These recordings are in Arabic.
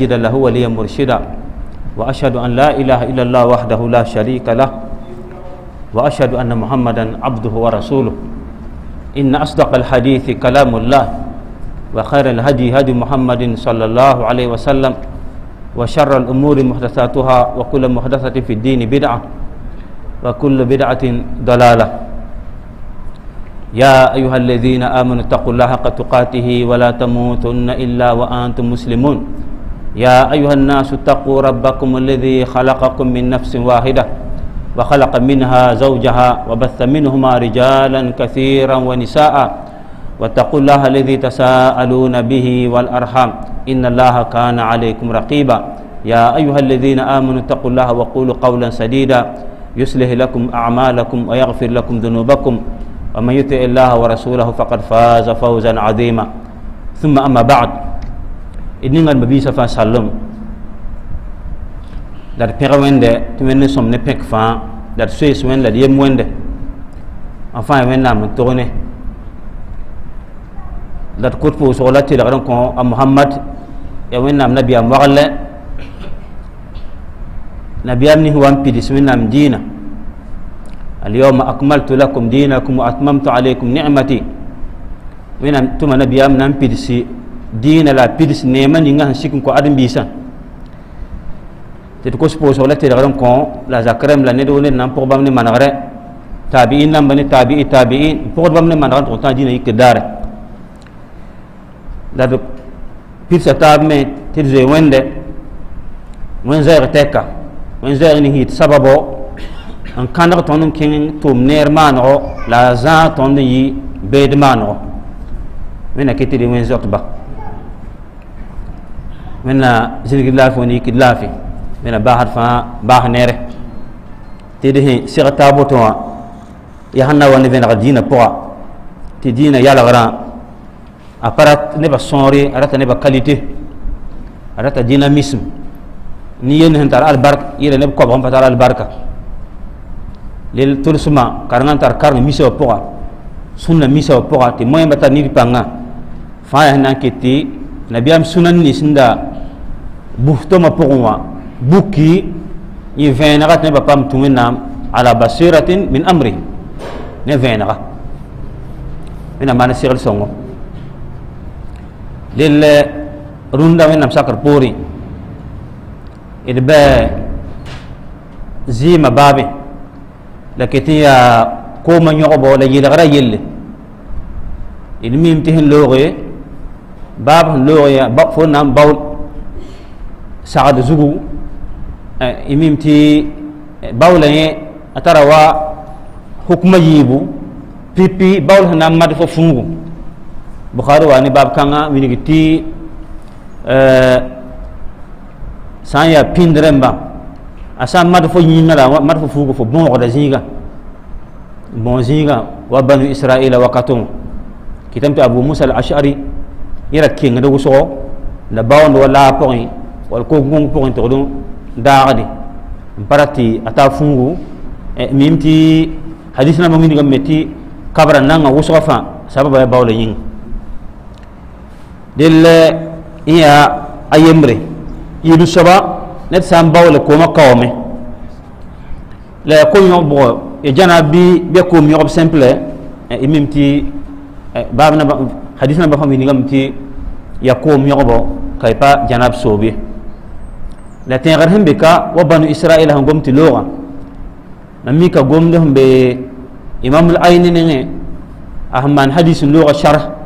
جد له ولي مرشدا وأشهد أن لا إله إلا الله وحده لا شريك له وأشهد أن محمدا عبده ورسوله إن أصدق الحديث كلام الله وخير الهدي هدي محمد صلى الله عليه وسلم وشر الأمور محدثاتها وكل محدثة في الدين بدعة وكل بدعة ضلالة يا أيها الذين آمنوا اتقوا الله حق تقاته ولا تموتن إلا وأنتم مسلمون يا أيها الناس اتقوا ربكم الذي خلقكم من نفس واحدة وخلق منها زوجها وبث منهما رجالا كثيرا ونساء واتقوا الله الذي تساءلون به والأرحام إن الله كان عليكم رقيبا يا أيها الذين آمنوا اتقوا الله وقولوا قولا سديدا يصلح لكم أعمالكم ويغفر لكم ذنوبكم ومن يطع الله ورسوله فقد فاز فوزا عظيما ثم أما بعد d ninga d mabiisã fãa sallem la d pẽg wẽnde tɩ wẽnd ne sõm ne pẽk fãa la d soees wẽnd la d yem wẽnde n fãa ye wẽnnaam n tʋg ne la d kʋt pʋʋsg la telgd n kõ a mohamad yaa wẽnnaam nabiyaam wagl lɛ nabiyaam ning wa n pidis wẽnnaam diinã اليوم أكملت لكم دينكم وأتممت عليكم نعمتي وين تما نبيام نام بيدسي dina la pidis nema ninga han sikin ko adam bisan tet ko sposo la tet garam ko la zakrem la nedo ne nam pobam ne managre tabi'in nam bani tabi'i tabi'in pobam ne managre to tan dina ikdare la do pidsa tab me tet je wende wen zaire teka wen zaire ni hit sababo an kanag ton kin tum ner manogo la za ton yi bed manogo mena ketidi wen zotba من سيرك الله فوني كلا في منا باهر فا باه نير تيده سيرة تابوتوا يهنا وني فين غدينا بوا تدينا يلا غرا أبارات نبى صوري أرات نبى كاليتي أرات ديناميسم نيين هنتار البرك يلا نبا كوب هم بتار البركة لل ترسما كارن تار كارن ميسو بوا سونا ميسو بوا تي موين بتار نيري بانغا فاهنا كتي نبي أم سنن نسندا بفتو ما بقوا بوكي يفين غات نبى بام تومينا على بصيرة من أمره نفين غات انا أمان سير السمو لل روندا من أم سكر بوري إدبا زي ما بابي لكتي كوما يغبو لجيل غرا يلي إن ميمتهن لوغي bab loya bab fo nam bawl saad zugu e, imimti ti e, bawla atarawa atara wa hukma yibu pipi bawl nam mad fo fungu bukhari wa ni bab kanga winigi ti e, san ya pindremba asa mad fo nyingala mad fo fugu fo bon da ziga bon zinga wa banu israila wa kitam ti abu musa al-ash'ari yẽra kẽngd wʋsgɔ la baoond wa laa pʋgẽ wall kok gũng pʋgẽ tɩgd daagde n pa ra tɩ a taa fũugu eh, mim tɩ hadis nãmbã wingame me tɩ kabra nanga wʋsgã fãa sababa ya baoola yĩnga dell n yaa a yembre yɩl-soaba ned sã n baoola kooma kaoome la ya kom yõg bʋgɔ ya e jana bɩ bɩa koom yõgb simple y mim tɩ ba. hadis namba fami ningam ti yakum kay pa janab sobi la tengar hembe ka wa banu israila hangom ti loga mi ka gomde be imam al ni ne ahman hadis loga syarah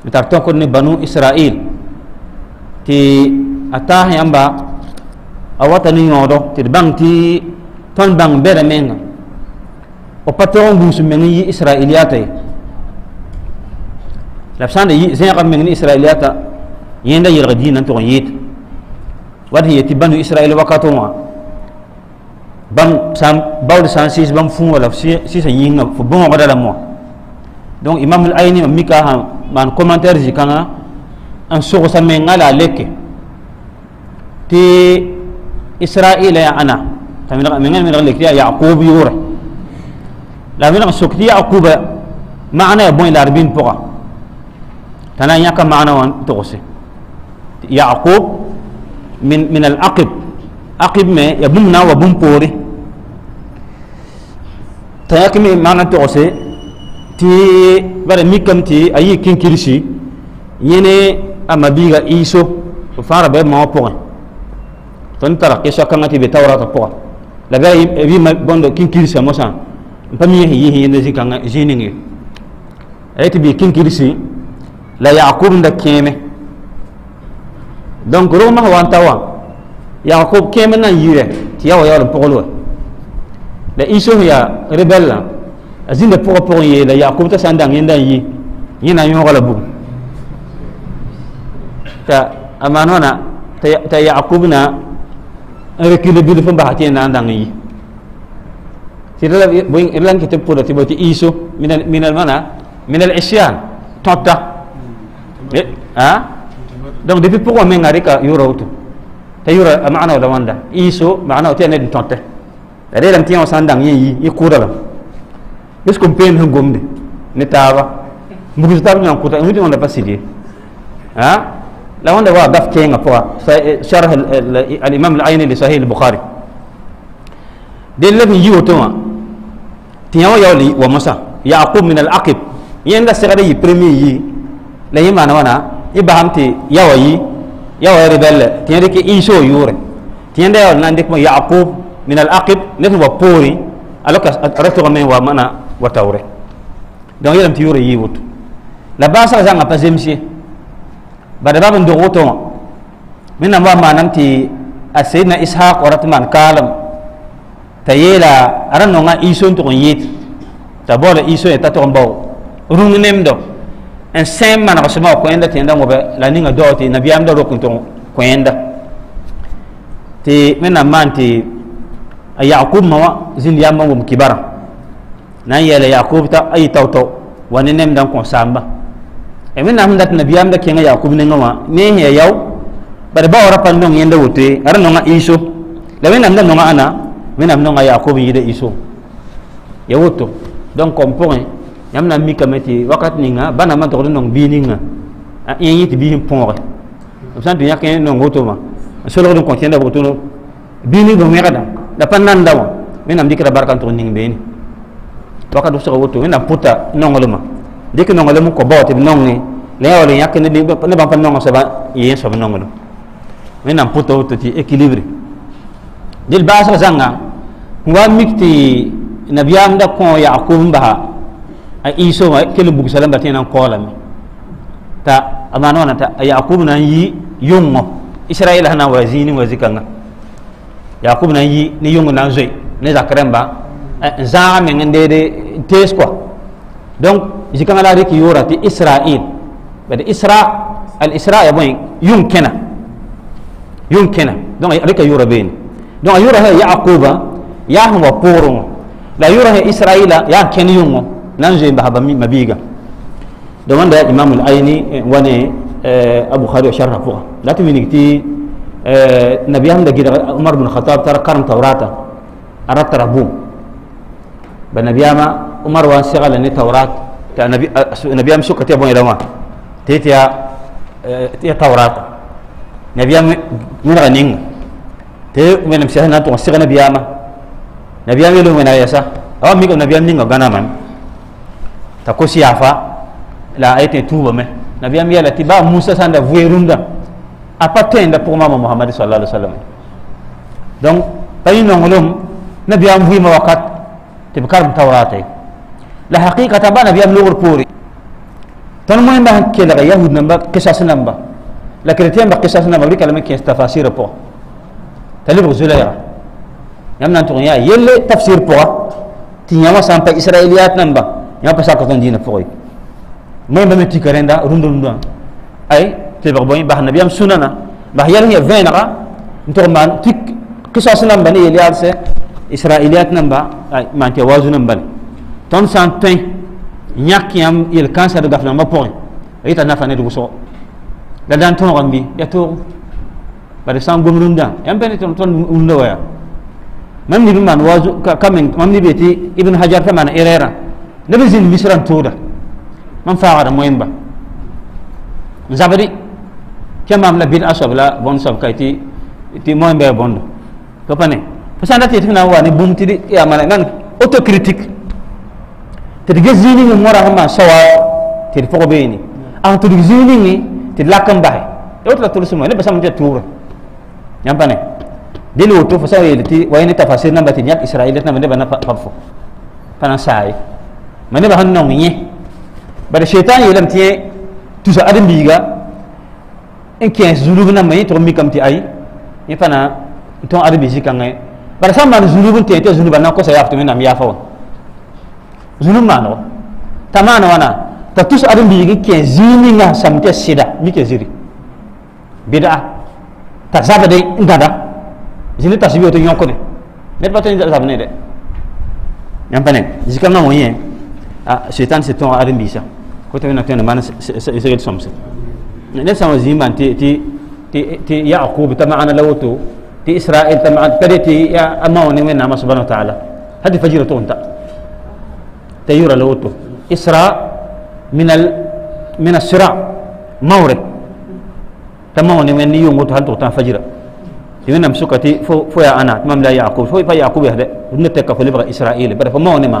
mitar to ko ni banu israil ti atah yamba awata ni ngodo ti bang ti ton bang bere menga o patron bu su yi israiliyatay لابسان زين قام من إسرائيلات يندى يرغدين أنتو غييت وده يتبان إسرائيل وقاتوا بام سام باود سان سيس بام فون ولا في سيس يينغ فبون غدا لمو دونك امام الايني ميكا هان مان كومونتير جي كانا ان سوغ سامي نالا ليك تي اسرائيل يا انا تامين من من ليك يا يعقوب يور لا من سوكتي يعقوب معنى بوين لاربين بوغا تنا يك معنا وان تغسي يعقوب من من العقب عقب ما يبمنا وبم بوري تنا يك معنا تغسي تي بره ميكم تي اي كين كيرشي يني اما بيجا ايسو فارب ما هو بوغن تن ترى كيشا كنا تي بتورات بوغن لا بي ما بوندو كين كيرشي موسان بمية هي هي نزي كان جينيغي ايتي كين كيرشي la yaqub da keme donc roma masã wan yaqub keme nan yire ti yirɛ tɩ ya lo la iso ya rebella azin de pour pour yé la yaqub t'a sandang n yi t'a a t'a yaqub na avec le bidu fẽn basa na n dãng n yɩ tɩ d la n kɩ tɩ ti minal mana minal ishyan totta donc depuis pourquoi on dit mengari ka yura utu ta yura maana wala wanda iso maana uti ne tonte re lam tiyan sandang yi yi kura lam est ce pen han gomde ne taba mbugu un nyam kuta ngi on da pasidi ha la wanda wa gaf un po sharh al imam al ayni li sahih al bukhari del lam yi utu tiyan yawli wa musa yaqub min al من yenda sirade yi premier يي la yi mana, wana i bahamti yawa yi yawa rebelle tiende ke iso yure tiende yawa nan ya mo minal min al aqib net wa puri, alaka rato men wa mana wa taure don yelam ti yure yi wut la basa zanga pazemsi bada babun do woto min na ma nan ti na ishaq wa ratman kalam tayela aran no nga iso to yit tabora iso yata to bau runu nem do n sẽn manegsma wa kõenda tẽenda wõbɛ la ninga dao tɩ nabiyaam da rok n tʋg kõenda tɩ wẽnnaam maan tɩ a yakub ma wã zĩnd yambã wʋm kibarã na n yɛɛla yakub ta a yɩ tao-tao e wa ne nemda n kõ saamba wẽnnaam sẽn dat nabiyaam da kẽngã yakub nengã wã ne sẽn ya yao bara baoorã pa nong yẽnda woto ye ra nonga iso la wẽnnaam da nonga ãna wẽnnaam nonga yakub n yɩda iso ya woto donc kom pʋgẽ e, yam na mi kameti wakat ninga bãna man togd n nong a ninga ti yẽ tɩ biis san dunya ken nong n ma so nong wotoma ko tiende n kõ tẽnda woto do ning bõn da pan nan nanda wã wẽnnaam dɩkda barka n tog ning bini. wakat wʋsga woto wẽnnaam nong nonglmã dɩk nonglm n kõ nong tɩ b nonge la yak wall yãk ne bãmb nong nongsba n yẽ soab nonglem nong pʋta woto tɩ puta dɩl ti equilibre dil wa n mik tɩ nabiyaam da ko yakʋʋm basa a iso ma kelen bugusalan ba tinan kola mi ta amana wana ta yaqub nan yi yungo israila na wazini wazikanga yaqub nan yi ni yungo nan zoi ne zakremba zaga men ndede tes quoi donc jikanga la rek yora ti israil bada isra al isra ya boy yumkina yumkina donc rek yora ben donc yora ya yaquba ya hum wa poro la yora israila ya ken yungo ننجي بها مبيغا دوان دا إمام العيني إيه، واني إيه، أبو خالد شرح فوق لا كتي إيه، نبي هم دا عمر بن الخطاب ترى كرم توراتا أردت ربوم بنبي هما عمر وان سيغل أني تورات تا نبي أه، هم سوكتي أبو إلما تيتيا تيتيا توراتا نبي هم من غنين تي من مسيحنا تغسيغ نبي هما نبي هم يلو من آيسا أو ميكو نبي هم نينغو غنامان ta kosi yafa la ayete tuba me nabi am lati ba musa sanda vuerunda apa tenda pour mama muhammad sallallahu alaihi wasallam donc bayi nongolom nabi am vuima wakat te tibkar tawrate la haqiqa ta ba nabi am lugur puri tan moy ba ke la yahud namba qisas namba la kretien ba qisas namba rika la me ki tafsir po talib zulayra yamna to ya yelle tafsir po ti nyama sampai israiliyat namba ya pa saka ton dina foy même même ti karenda rundu rundu ay te ba boy bah nabiyam sunana bah yalla ya vena ga ntorman tik qisas nam bani yalla se israiliyat nam ba ay man te wazu nam bal ton santin nyak yam il cancer de gafna ma point ay ta nafane du so da dan ton rambi ya to ba de sam gomrun da yam ben ton ton undo ya mam ni man wazu kamen mam ni beti ibn hajar ta man irera nabi zin misran toda man faara moyen ba zabri kya la bin asob la bon sab kay ti ti moyen be bondo ko pane pesan dati tina wa ni bum ti ya mala nan autocritique te de zini ni mora rahma sawa te de fogo beni an to de zini ni te lakam bahe e la to sumo ne sam je toura nyam pane dilo to fasa ti wayni tafasir namba ti nyak israilat namba ne bana pafo pana sai mana bahan nong ni pada syaitan yang dalam tiang tu sa ada biga yang kian zulub nama to mi kam ti ai yang fana tuan ada biji ba pada sama zulub tiang tu zulub nama kosa yaftu menam yafau zulub mana tamana wana ta tu sa ada biga kian zini nga sam tiang sida mikia ziri beda ta zaba de ndada zini ta sibi otu nyokone Mais pas tenir ça venait de. Yampane, jusqu'à maintenant, vous voyez, شيطان ستون عارم بيسا كنت من أكتنا ما إسرائيل سمسة نفس ما زين بان تي تي تي يعقوب تمعنا لوتو تي إسرائيل تمعنا تي يا أماوني من نعم سبحانه وتعالى هذه فجيرة تونتا تيورا لوتو إسراء من ال من السراء مورد تماوني من يوم هل تان فجيرة يمين مسكتي فو فو يا أنا تمام لا يعقوب فو يا يعقوب يهدأ نتكفل بغى إسرائيل بدأ فماوني ما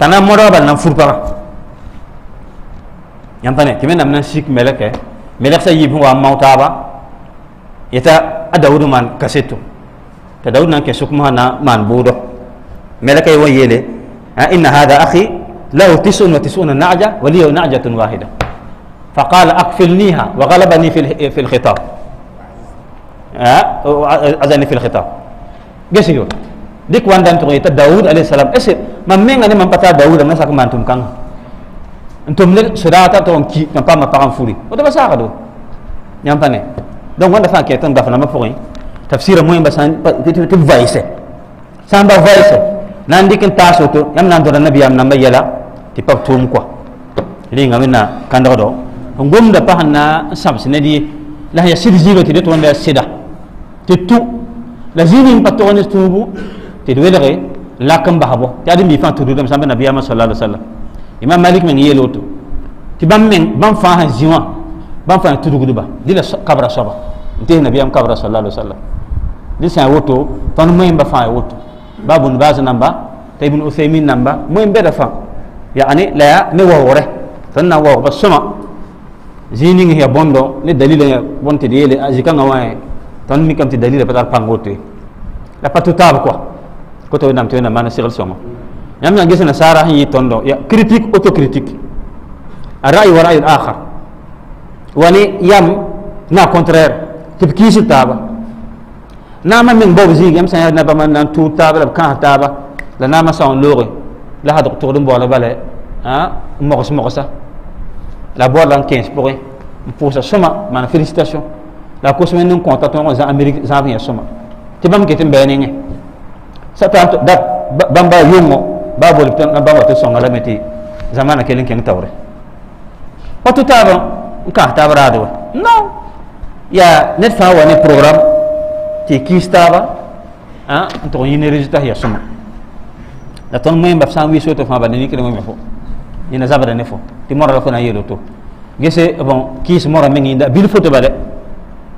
tana moda bal nan para yantane nam na sik meleke melek sa yibu wa mautaba yata adawud man kasetu ta dawud nan kesuk mana man budo meleke wa yele ان هذا اخي له 99 نعجه ولي نعجه واحده فقال اكفلنيها وغلبني في في الخطاب اذن في الخطاب قسيو di kuandan tuh ita Daud alaihissalam esip eh, mameng ani mampata Daud amma sak mantum kang antum ne sudata to ki kan pa ma param fuli o to basa kado nyam pane donc wanda fa ketan da fana ma fori tafsira ti vaise eh. samba vaise eh. nan dikin taso to yam nan do nabi yam nan bayala ti pap tum kwa linga minna do ngum da pahanna sam ne di la ya sirjiga ti de tuan dia sida ti tu la zini itu. تدويله لكم بحبه تادي ميفان تدودم سامن النبي محمد صلى الله عليه وسلم إمام مالك من يلوتو إيه تبان من بان فاه زيوان بان فاه تدودو با ديلا كبر صبا تيه النبي محمد كبر صلى الله عليه وسلم دي سان ووتو فان مين با فاه ووتو بابن باز نمبا تيبن أثيمين نمبا مين بدا فا يعني لا نوهوره فان نوهوره بس سما زينين هي بوندو ني دليل هي بونتي ديلي ازيكا نواي تان ميكم تي دليل بدار بانغوتي لا باتو تاب كوا ko to nam to na mana sigal songo yam na gese na sara hi tondo ya critique autocritique الرأي ورأي الآخر وني يم نا كونترير تبكيش تابا نعم من بوب زي يم سنة نبا من نان تو تابا لب كان تابا لنام سان لوري لا هذا تقولون بولا بلا ها مغس مغسا لا بولا كينش بوري بوسا سما من فيليستاسيون لا كوسمين نون كونتاتون زا أمريك زا بيا سما تبام كتم بيني satanto da bamba yungo babol tan bamba to songa la meti zamana kelen ken tawre watu taba ka tabra do no ya net fa wani program ti kistaba ah to yini resultat ya suma da ton moyen baf san wi soto fa ba ni kene mo fo ni na zabada ne fo ti mora ko na yelo to gese bon kis mora mengi da bil foto ba de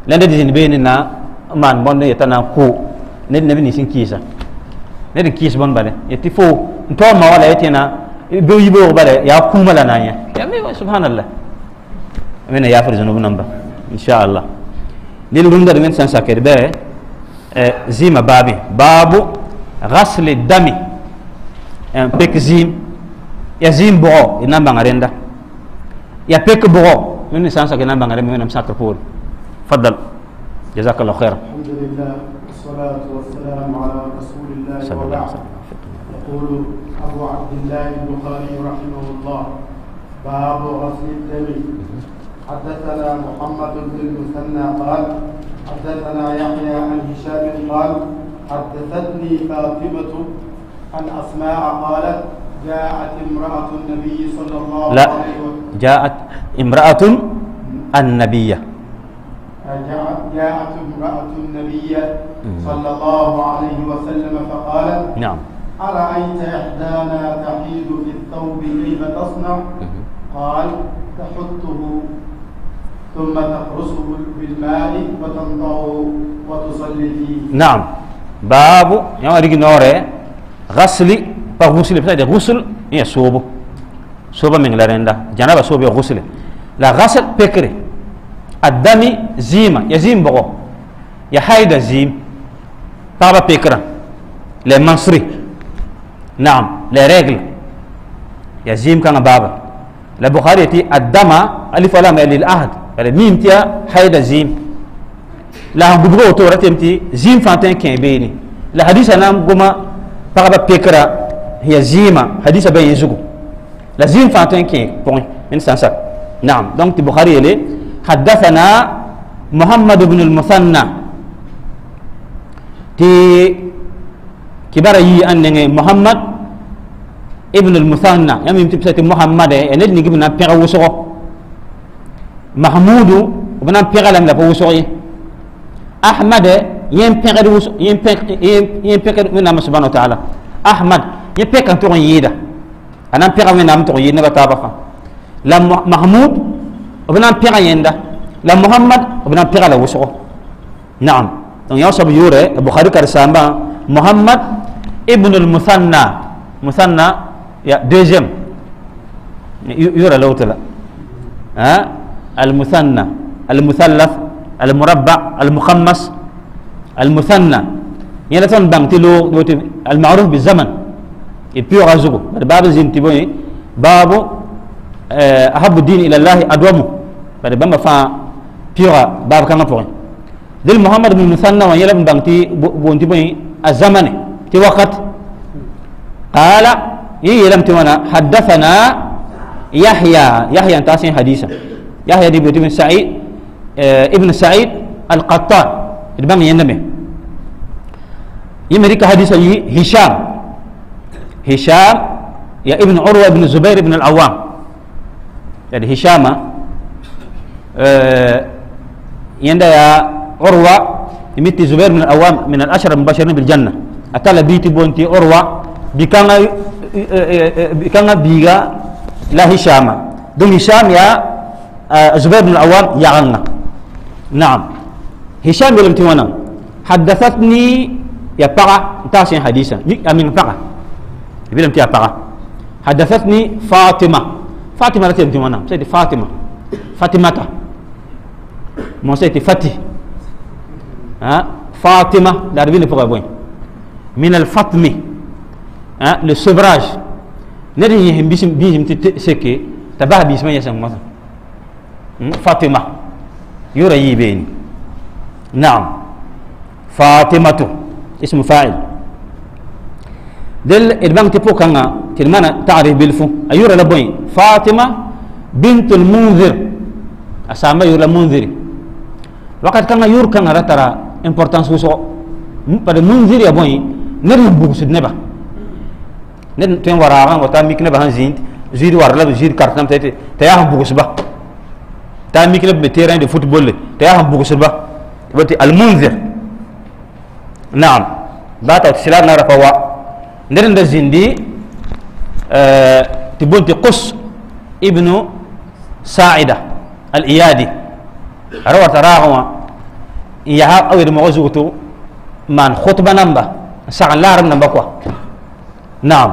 lende dizin be ni na man bonde yatana ko ne ne ni sin kisa ned n kɩɩs bõn bare yetɩ fo to ma wala ye tẽna be yiboog bala yaa kũuma la na yã me wa subhanallah ya yaafr zũnub namba insha Allah lil rũndã d san sakere sakd bɛ zɩɩmã baabe baabu gasle dami en pek zim ya zim bo d na ya pek bo wẽnd san sakere sak d na n bãng rẽmb wẽnnaam sãkr poore fadal jazakallah khaira والصلاة والسلام على رسول الله صلى الله عليه وسلم يقول أبو عبد الله البخاري رحمه الله باب غسل الدم حدثنا محمد بن المثنى قال حدثنا يحيى عن هشام قال حدثتني فاطمة عن أسماء قالت جاءت امرأة النبي صلى الله عليه وسلم لا جاءت امرأة النبي جاءت امرأة النبي صلى الله عليه وسلم فقالت نعم أرأيت إحدانا تحيد في الثوب كيف تصنع؟ قال تحطه ثم تقرصه بالماء وتنطعه وتصلي فيه نعم باب يوم ريك نور غسلي غسل بتاعي غسل يا صوب صوب من رندا جنابه صوب غسل لا غسل بكري الدمي زيما يزيم يا يحيد زيم بابا بيكرا لمصري نعم لرجل يزيم كان بابا لبخاري تي الدم ألف لام للعهد ميم تيا حيد زيم لا غبرو تو رتمتي زيم فانتين كين بيني لا حديث أنا نعم مقوما بابا بيكرا هي زيما حديث بين يزغو لا زيم فانتين كين بون من سانسا نعم دونك البخاري ليه حدثنا محمد بن المثنى تي كبار يي أن محمد ابن المثنى انت بتسيت محمد يعني نجيب نبيع وسوه محمود وبنا بيع لم لا وسوه أحمد ينبيع وس ينبيع ينبيع من الله سبحانه وتعالى أحمد ينبيع كان تقول يدا أنا بيع من الله تقول نبا تابا لا محمود b na n pɛga yẽnda la mohamad b na n pɛga la wʋsgo naam donc yãw soab yʋʋre bukhari karsaambã mohamad ibn lmusanna musanna ya deuxième yʋʋra la woto la almusanna almusallath almurabba almukhammas almusanna yẽla tõnd bãng tɩ loog woto almaruf bizaman y pʋʋga zugu bad baab zĩn tɩ bõe baabu ahabu din ila llahi adwamu kada bamba fa pira bab kanga pore dil muhammad bin musanna wa yela bangti bonti boy azamane ti waqt qala yi yelam ti wana haddathana yahya yahya tasin hadisa yahya ibn sa'id ibn sa'id al-qattan ibn yanbe يمرك حديث هشام هشام يا ابن عروة بن الزبير بن العوام يعني هشام آه، يندى يا عروة يمتي زبير من الأوام من الأشر المباشرين بالجنة أكل بيتي بونتي عروة بكان آه، آه، بكان بيغا لا هشام دون هشام يا زبير بن الأوام يا عنا نعم هشام بن تيوانا حدثتني يا بقى تاسين حديثا أمين بقى يبلم تيا بقى حدثتني فاطمة فاطمة لا تيم فاطمة, فاطمة فاطمة موسيتي فتي ها فاطمة داربين بوغا بوين من الفطم ها للسبراج ندي يهم بيسم بيسم تسكي تباه بيسم يسم مثلا فاطمة يرى يبين نعم فاطمة اسم فاعل دل البنك تبو كان تلمانا تعرف بالفو أيورا لبوين فاطمة بنت المنذر أسامة يورا منذري وقت كان يور كان رترا امبورطانس وسو بعد منذر يا بوين نر بوك سد نبا نن تين ورا ران وتا ميك نبا هان زين زيد ورا لا زيد كارتام تي تي ها بوك سبا تا ميك نبا تيران دي فوتبول تي ها بوك سبا تبتي المنذر نعم باتا سلام نرا فوا نر ند زين دي آه، تبونتي قص ابن ساعده الايادي هذا وتراه هو يها أو يرموزوتو من خطبة نمبا سان لارم نمبا كوا نعم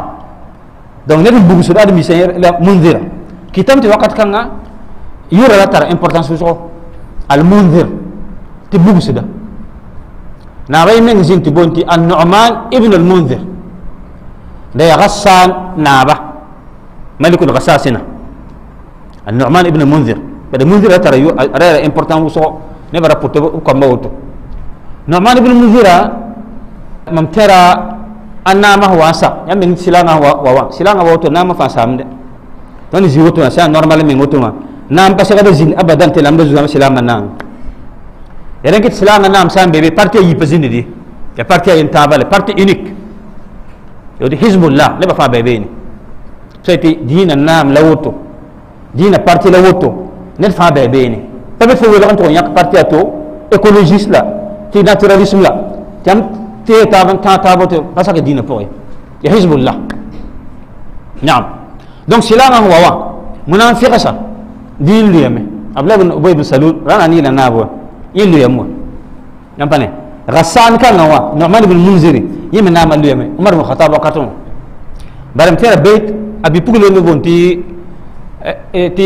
دعونا نبي بعسر هذا مسير لا منذر كتاب في وقت كنا يورا لا ترى إمبورتانس وشو المنذر تبغو سدا نعم من زين تبونتي النعمان ابن المنذر ده غسان نابا ملك الغساسنا النعمان ابن المنذر kada munzira tara yo ara important wo so ne bara poto ko ma woto normal ibn munzira mam tera anna ma huwa sa ya min silanga wa wa silanga wa woto na ma fa samde ton zi woto sa normal min woto ma nam pa sagada zin abadan te lamda zuwa silama nam yaren kit silama nam sam bebe parti yi pazini di ya parti yin tabale parti unique yodi hizbullah ne ba fa bebe ni sai ti dina nam la woto dina parti la woto ned fãa bɩa beene pa be fo welg n tʋg n yãk partia to écologiste la tɩ naturalisme la tɩ yãmb tee taab n tãag taabo tɩ pa sak dĩinã pʋgẽ tɩ hizbulla naam donc sɩlaangã sẽn wa wã wẽna n fɩgsa dĩin lʋyame abdullah bn ubay bn salul rãna ne yɩla naab wa yẽ lʋyam wa yãmb pa ne غسان كان نوا نعمان بن منذر يمن نام اللي يمن عمر بن الخطاب وقتهم بارم تيرا بيت ابي بوغلو نبون تي تي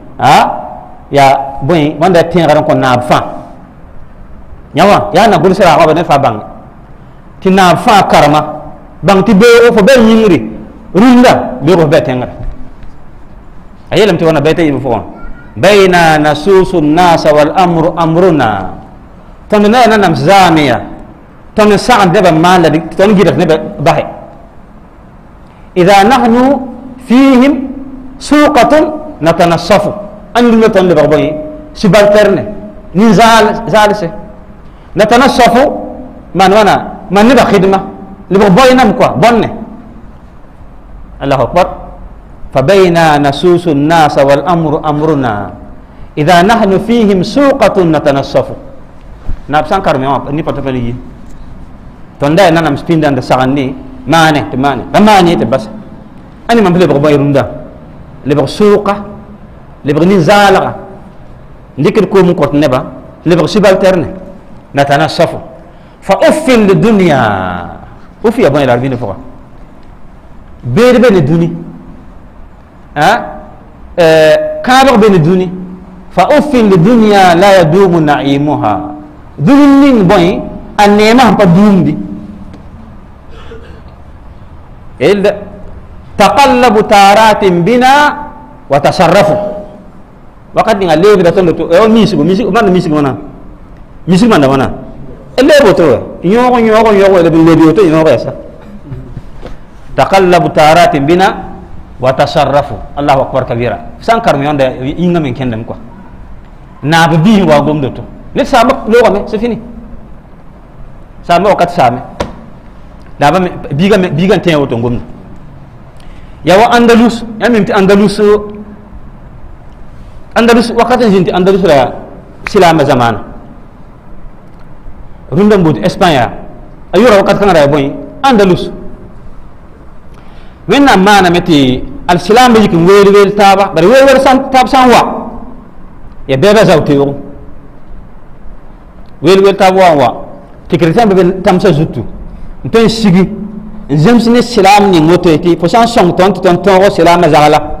ha ya bõe bõnda tẽegr n kõ naab fãa yã wã yaa na gʋls raagã ba ne fa bãng tɩ naab fãa karema bãng tɩ beoogo fo bɩ yĩngri rũndã beoogo fo bɩ a tẽngra a yeelame tɩ wãna bɛta yɩm pʋgẽ baina nasusu nnasa walamru amruna tõnd na ya nanam zaame ya tõnd n sagend nebã maan la tõnd gɩdg nebã basɛ ida nahnu fihim suqatun natanassafu أن نتن بغبوي سبالترن نزال زالسه نتنصف من وانا من نبا خدمة لبغبوي نمكوا بني الله أكبر فبينا نسوس الناس والأمر أمرنا إذا نحن فيهم سوقة نتنصف نابسان نعم، كرمي ني باتفلي توندا انا نام سبين دان سغني ماني تماني تماني تبس اني ما بلي بغبوي روندا لبغ سوقه لبغني زالغة ديك الكوم كوت نبا لبغ شبال ترني نتانا صفو فأفل الدنيا أوف يا بني الأربعين بير بين الدنيا ها أه؟ كابغ بين الدنيا فأفل الدنيا لا يدوم نعيمها دونين بوي النعمة بدوم دي تقلب تارات بنا وتصرفوا wakati nga lebi da tondo to e eh, on oh, misigo misigo man misigo mana misigo man da mana e lebo to nyogo nyogo nyogo lebi lebi to nyogo esa taqallabu taratin bina wa tasarrafu allahu akbar kabira sankar mi onde inga min kendem ko na be bi wa gomdo to sa sama lo ko me c'est fini sama wakati me da ba bi ga tan woto gomdo yawa andalus ya ti andalus andalus wakati jinti andalus la silama zamana runda mbud espagne ayura wakati kan ra boy andalus wenna mana meti al silam bi kin weli weli taba bar weli weli san tab san wa ya bebe zawti yo weli weli taba wa wa tikritan be tam sa zutu nten sigi zemsine silam ni ngoto eti fo san song ton ton ton ro silama zala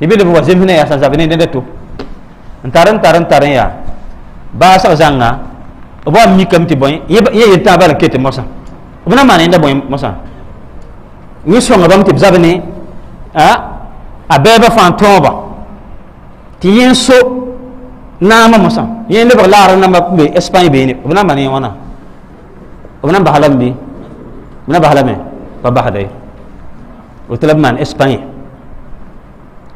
ibe de wazim hina ya sansa bine de to ntaran taran taran ya ba sa zanga obo mi kam ti boy ye ye ta bar kete mosa obna mane nda boy mosa ni so ngabam ti zabane a abeba fan toba ti yin so nama mosa ba de lara nama be espagne be ni obna mane wana obna bahalam bi obna bahalame ba bahadai utlab man espagne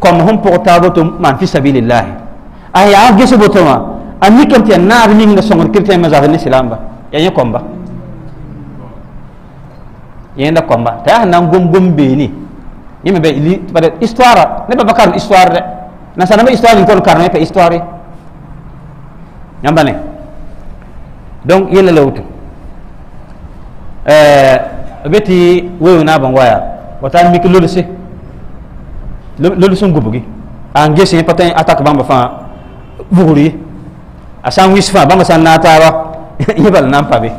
comme hum portabotum man fi sabilillah ay ya gesu botoma anni kam ti na abni nga songon kirte ma zaani ba ya ni komba ye nda komba ta na ngum gum be ni ni me be li pare histoire ne ba bakar histoire de na sana me histoire ko karne pe histoire nyambane donc yele lawtu eh beti wewu na ban waya watan mikilulse lolu sun gubugi an gese patan attaque bamba fa buguri asan wis fa bamba san natara yibal nan pabe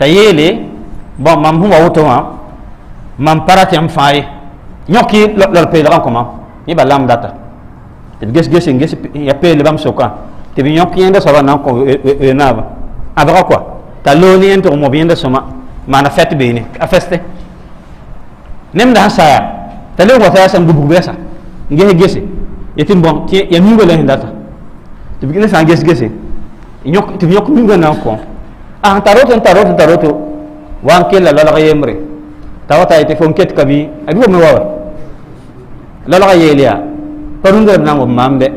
tayele bon mam huwa wuto wa mam parate am faye nyoki lol pe la ko mam yibal lam data te ges ges ges ya pe le bam soka te bi nyoki yenda so nan ko renava e, e, abra quoi taloni ento mo bien de soma mana fête bene a feste nem da saya tale wa fa san gubu besa he gese yetim bon ti ya mi wala hindata to bi gina san gese gese nyok ti nyok mi ngana ko ah taroto taroto taroto an kella la la yemre tawata ite fon ket kabi abi mo wawa la la yelia parunga na mo mambe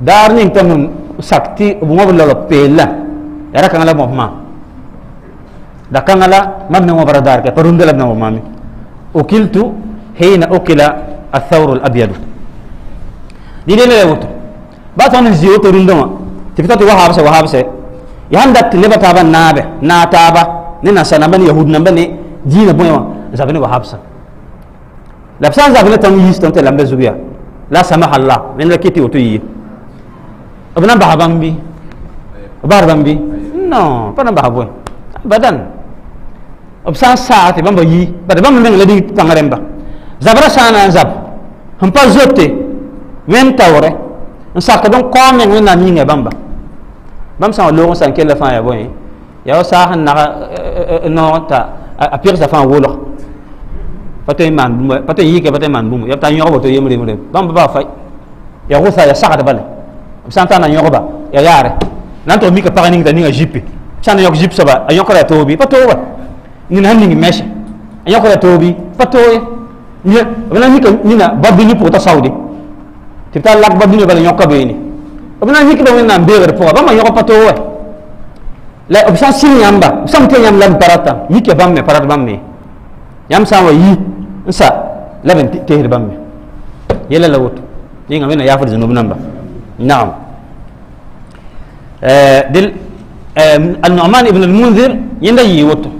dar ni tamun sakti mo la pela yara kangala mo mam da kangala mabne mo baradar ke parunde labna mo mami ukiltu حين أكل الثور الأبيض دي دي لي وتو باتون الزيو ترندما تفتت وهاب سي وهاب يهان يهندت لبا تابا نابه ناتابا تابا ننا سنبن يهود نبني دين ما زابني وهاب سي لبسان زابني تام يستون تلم بزويا لا سمح الله من لكيتي وتو يي ابن بحبامبي بامبي نو بنا بحبوي بدن ابسان ساعه بامبي بدن بامبي لدي تانغرمبا zabra sana zab hum pa zote wem tawre n sak don ko men wena ninge bamba bam sa lo san kella fa ya boy ya sa han na no ta a pir sa fa wolo patay man patay yike patay man bum ya ta nyogo to yemre mre bamba ba fa ya gusa ya sakata bale san ta na nyogo ba ya yare nan to mika paganing da ninga jipi sana yok jip saba ayokra tobi patowa ngin han ningi mesh ayokra tobi patoye bana hika nina babini pour ta saudi tibta lak babini bala nyoka beni bana hika do nina mbeger pour ba ma yoko pato wa la obsa sin yamba sam te yam lam parata yike bamme parata bamme yam sa wa yi nsa laben te hir bamme yela la wot ni ngam na yafur zunub namba na'am dil النعمان ابن المنذر يندي يوتو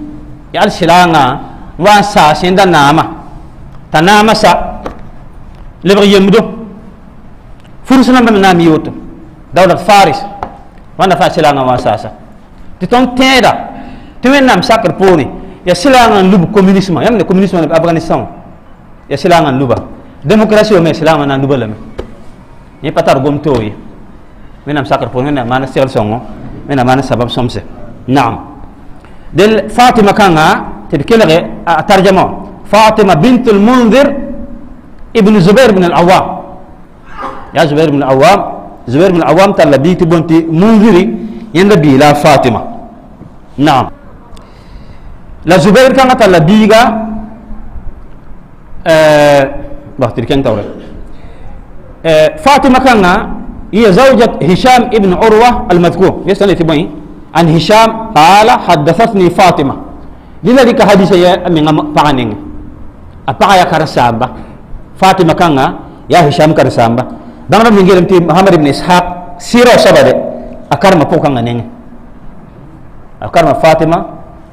يعال شلانا وان ساسين دا ناما tana masa lebr yemdo fursuna bam na mi yoto dawlat faris wana fa silanga wa sasa ti ton teda ti men nam sakar poni ya silanga lub communisme yamne komunisme na afghanistan ya silanga luba demokrasi o me silanga na luba lame ni patar gom toyi men nam sakar poni na mana sel songo men mana sabab somse naam del fatima kanga tedkelge a tarjama فاطمة بنت المنذر ابن زبير بن العوام يا زبير بن العوام زبير بن العوام تلا بيت بنت منذري ينبي لا فاطمة نعم لا زبير كان تلا بيغا آه كان توري آه فاطمة كان هي زوجة هشام ابن عروة المذكور يسأل تبين عن هشام قال حدثتني فاطمة لذلك حديث من فعنين apa ya karasamba fatima kanga ya hisham karasamba bangna mingere mti muhammad ibn ishaq siro sabade akar ma poka nga akar ma fatima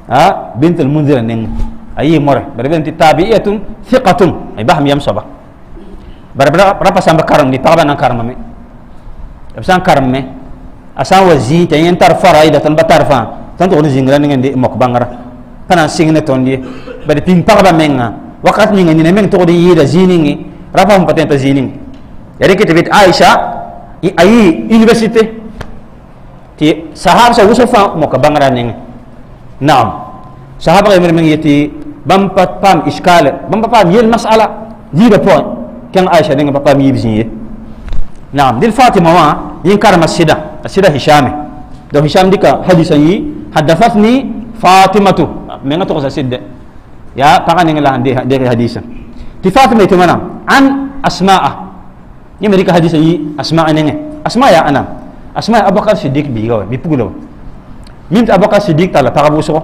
ha bint al munzir nenge ayi mor berbe mti tabi'atun thiqatun ay baham yam saba barbara rapa samba karam ni pagaba nan karam me absan karam me asan wazi tan tar faraida tan batarfa tan to ni zingra nenge de mok bangara kana singne tondi bari pin menga wakat ninga ni nemeng to di yida ziningi rafa hum patenta ziningi yari kiti bit aisha i ayi universite ti sahab sa wusafa moka bangara ninga naam sahaba ga mermeng yiti bampat pam iskale bampat pam yel masala yida po kan aisha ninga pam yibi zinye naam dil fatima wa yin karma sida sida hishami do hisham dika hadisan yi haddathatni fatimatu menga to sa sidde ya para lah dari hadisnya di Fatimah itu mana an asma'ah ini mereka hadis ini asma'a nene asma ya ana asma Abu Bakar Siddiq bi gawe bi pugulo mimt abakar sidik tala para buso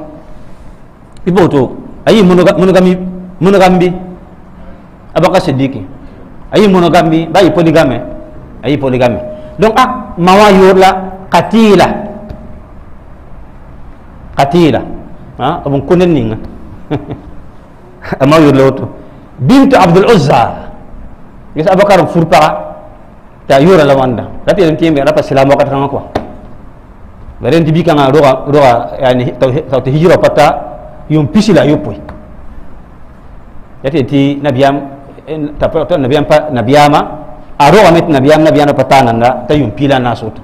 bi boto ayi monogami monogambi abakar Bakar Siddiq monogambi bayi poligame ayi poligame donc ah mawa yorla katila katila ha abun kunen ninga amayu lotu Bint abdul uzza yasa abakar furpa ta yura la wanda rapi dem tiembe rapa silamo kat kan ko baren tibi kan roga roga yani ta hijra pata yum pisila yupoi yati ti nabiyam tapata nabiyam pa nabiyama ah, ah, aro met nabiyam nabiyana patana na tayum pila nasut soto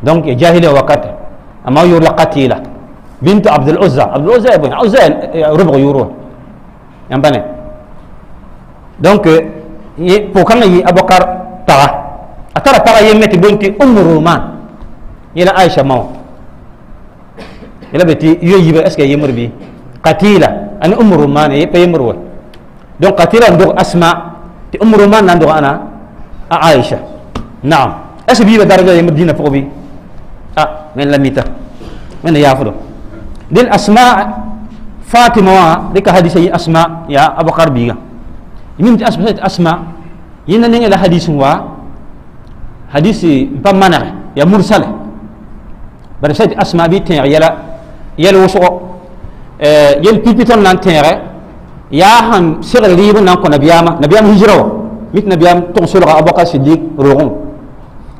donc ya jahile wakati amayu la qatila بنت عبد العزى عبد العزى ابن عزى ربع يورو يعني يمبني دونك بوكان يي ابو كار تا اترى تغا يمتي بنت ام رومان يلا عائشه مو يلا بتي يي يبقى اسكي يمر بي قتيله انا ام رومان يي بيمر وي دونك قتيله ندوق اسماء ام رومان ندوق انا عائشه نعم اسبي بدرجه يمدينا فوق بي اه من لميتا من يافدو دي الأسماء فاطمة ديك حديث أسماء يا أبو قربية يمين أسماء أسماء ينا نيجي لحديث وا حديث بمنع يا مرسل بس سيد أسماء بيتين يلا يلا وسوء آه، يل بيبيتون لان تنير يا هم سيغل ليبن لان كون نبيام نبيام هجرو ميت نبيام تنسل أبو قرب صديق روغون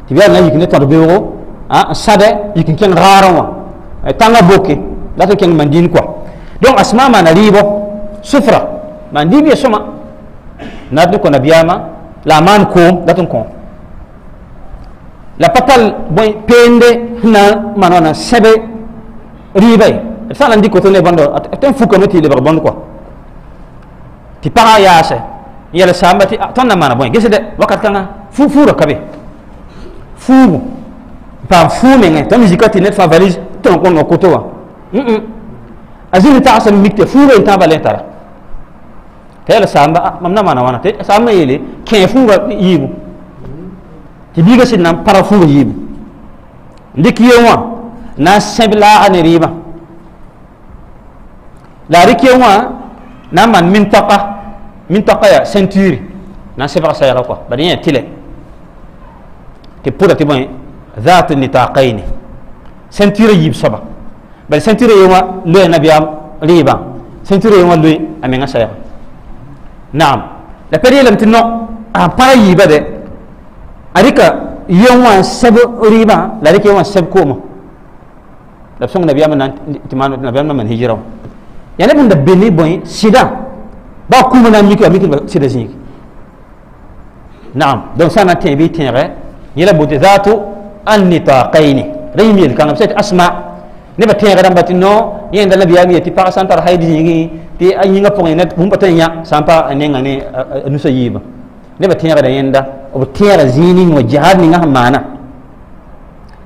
تبيان لا يكنت تربيو ها آه، سادة يكنت كان غارون آه، تانا بوكي dato keng mandin kwa donc asma na ribo sufra mandibi Je soma nadu ko la man ko dato ko la papal boy pende na manona sebe ribe ça to ne le ti para na mana boy gesede wakat fou fu fu par fu ton ton no أزين تعصب ميكت فوق إنت على ترى تيلا سامبا ممنا ما نوانا تي سامبا يلي كيف فوق ييبو تبيك سيدنا برا فوق ييبو ديك يوما ناس سبلا أنا ريبا لا يوما نام من منطقة منطقة يا سنتيري ناس سبلا سيارة قا بدينا تيلي تبودا تبوي ذات النتاقين سنتيري ييب سبب bal sentire yewa loy nabiyam riba sentire yewa loy amenga saya naam la pedi lam tinno a para yiba de arika yewa sab riba la rike yewa sab koma la song nabiyam nan timano nabiyam man hijra ya ne bunda beni boy sida ba kuma na miki amiki sida zinki naam donc ça na tebi tenre yela bote zatu an nitaqaini raymi kan sai asma' neba tẽegda n bati no yẽnda la biya yeti pag sã n tar hayd yĩngi tɩ a yĩngã net, ne bũmb tɩ n yã sã n pa a nenga ne a nusa yiiba neba tẽegda yẽnda b tẽega jihad ninga sẽn mana.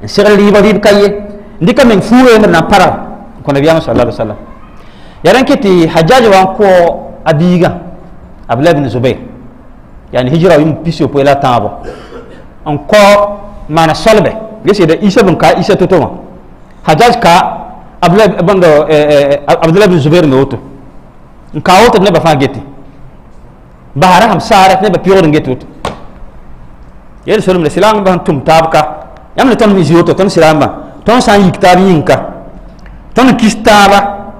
n segr rɩɩba rɩɩb ka ye ndika meng fũur yeemd na para parg n kõ nabiyaam sal ti sallam ya wa ko abiga abla biigã zubay yani hijra yum pis po la tabo encore mana maana gese isa ka isa Hajaj ka abdullah eh, eh, eh bin zubair me woto nka woto ne ba fa geti bahara ham sare ne ba piyorin geti woto yel solum le silang ban tum tabka yam le ton mi zioto ton silamba ton san yiktar yinka ton kistaba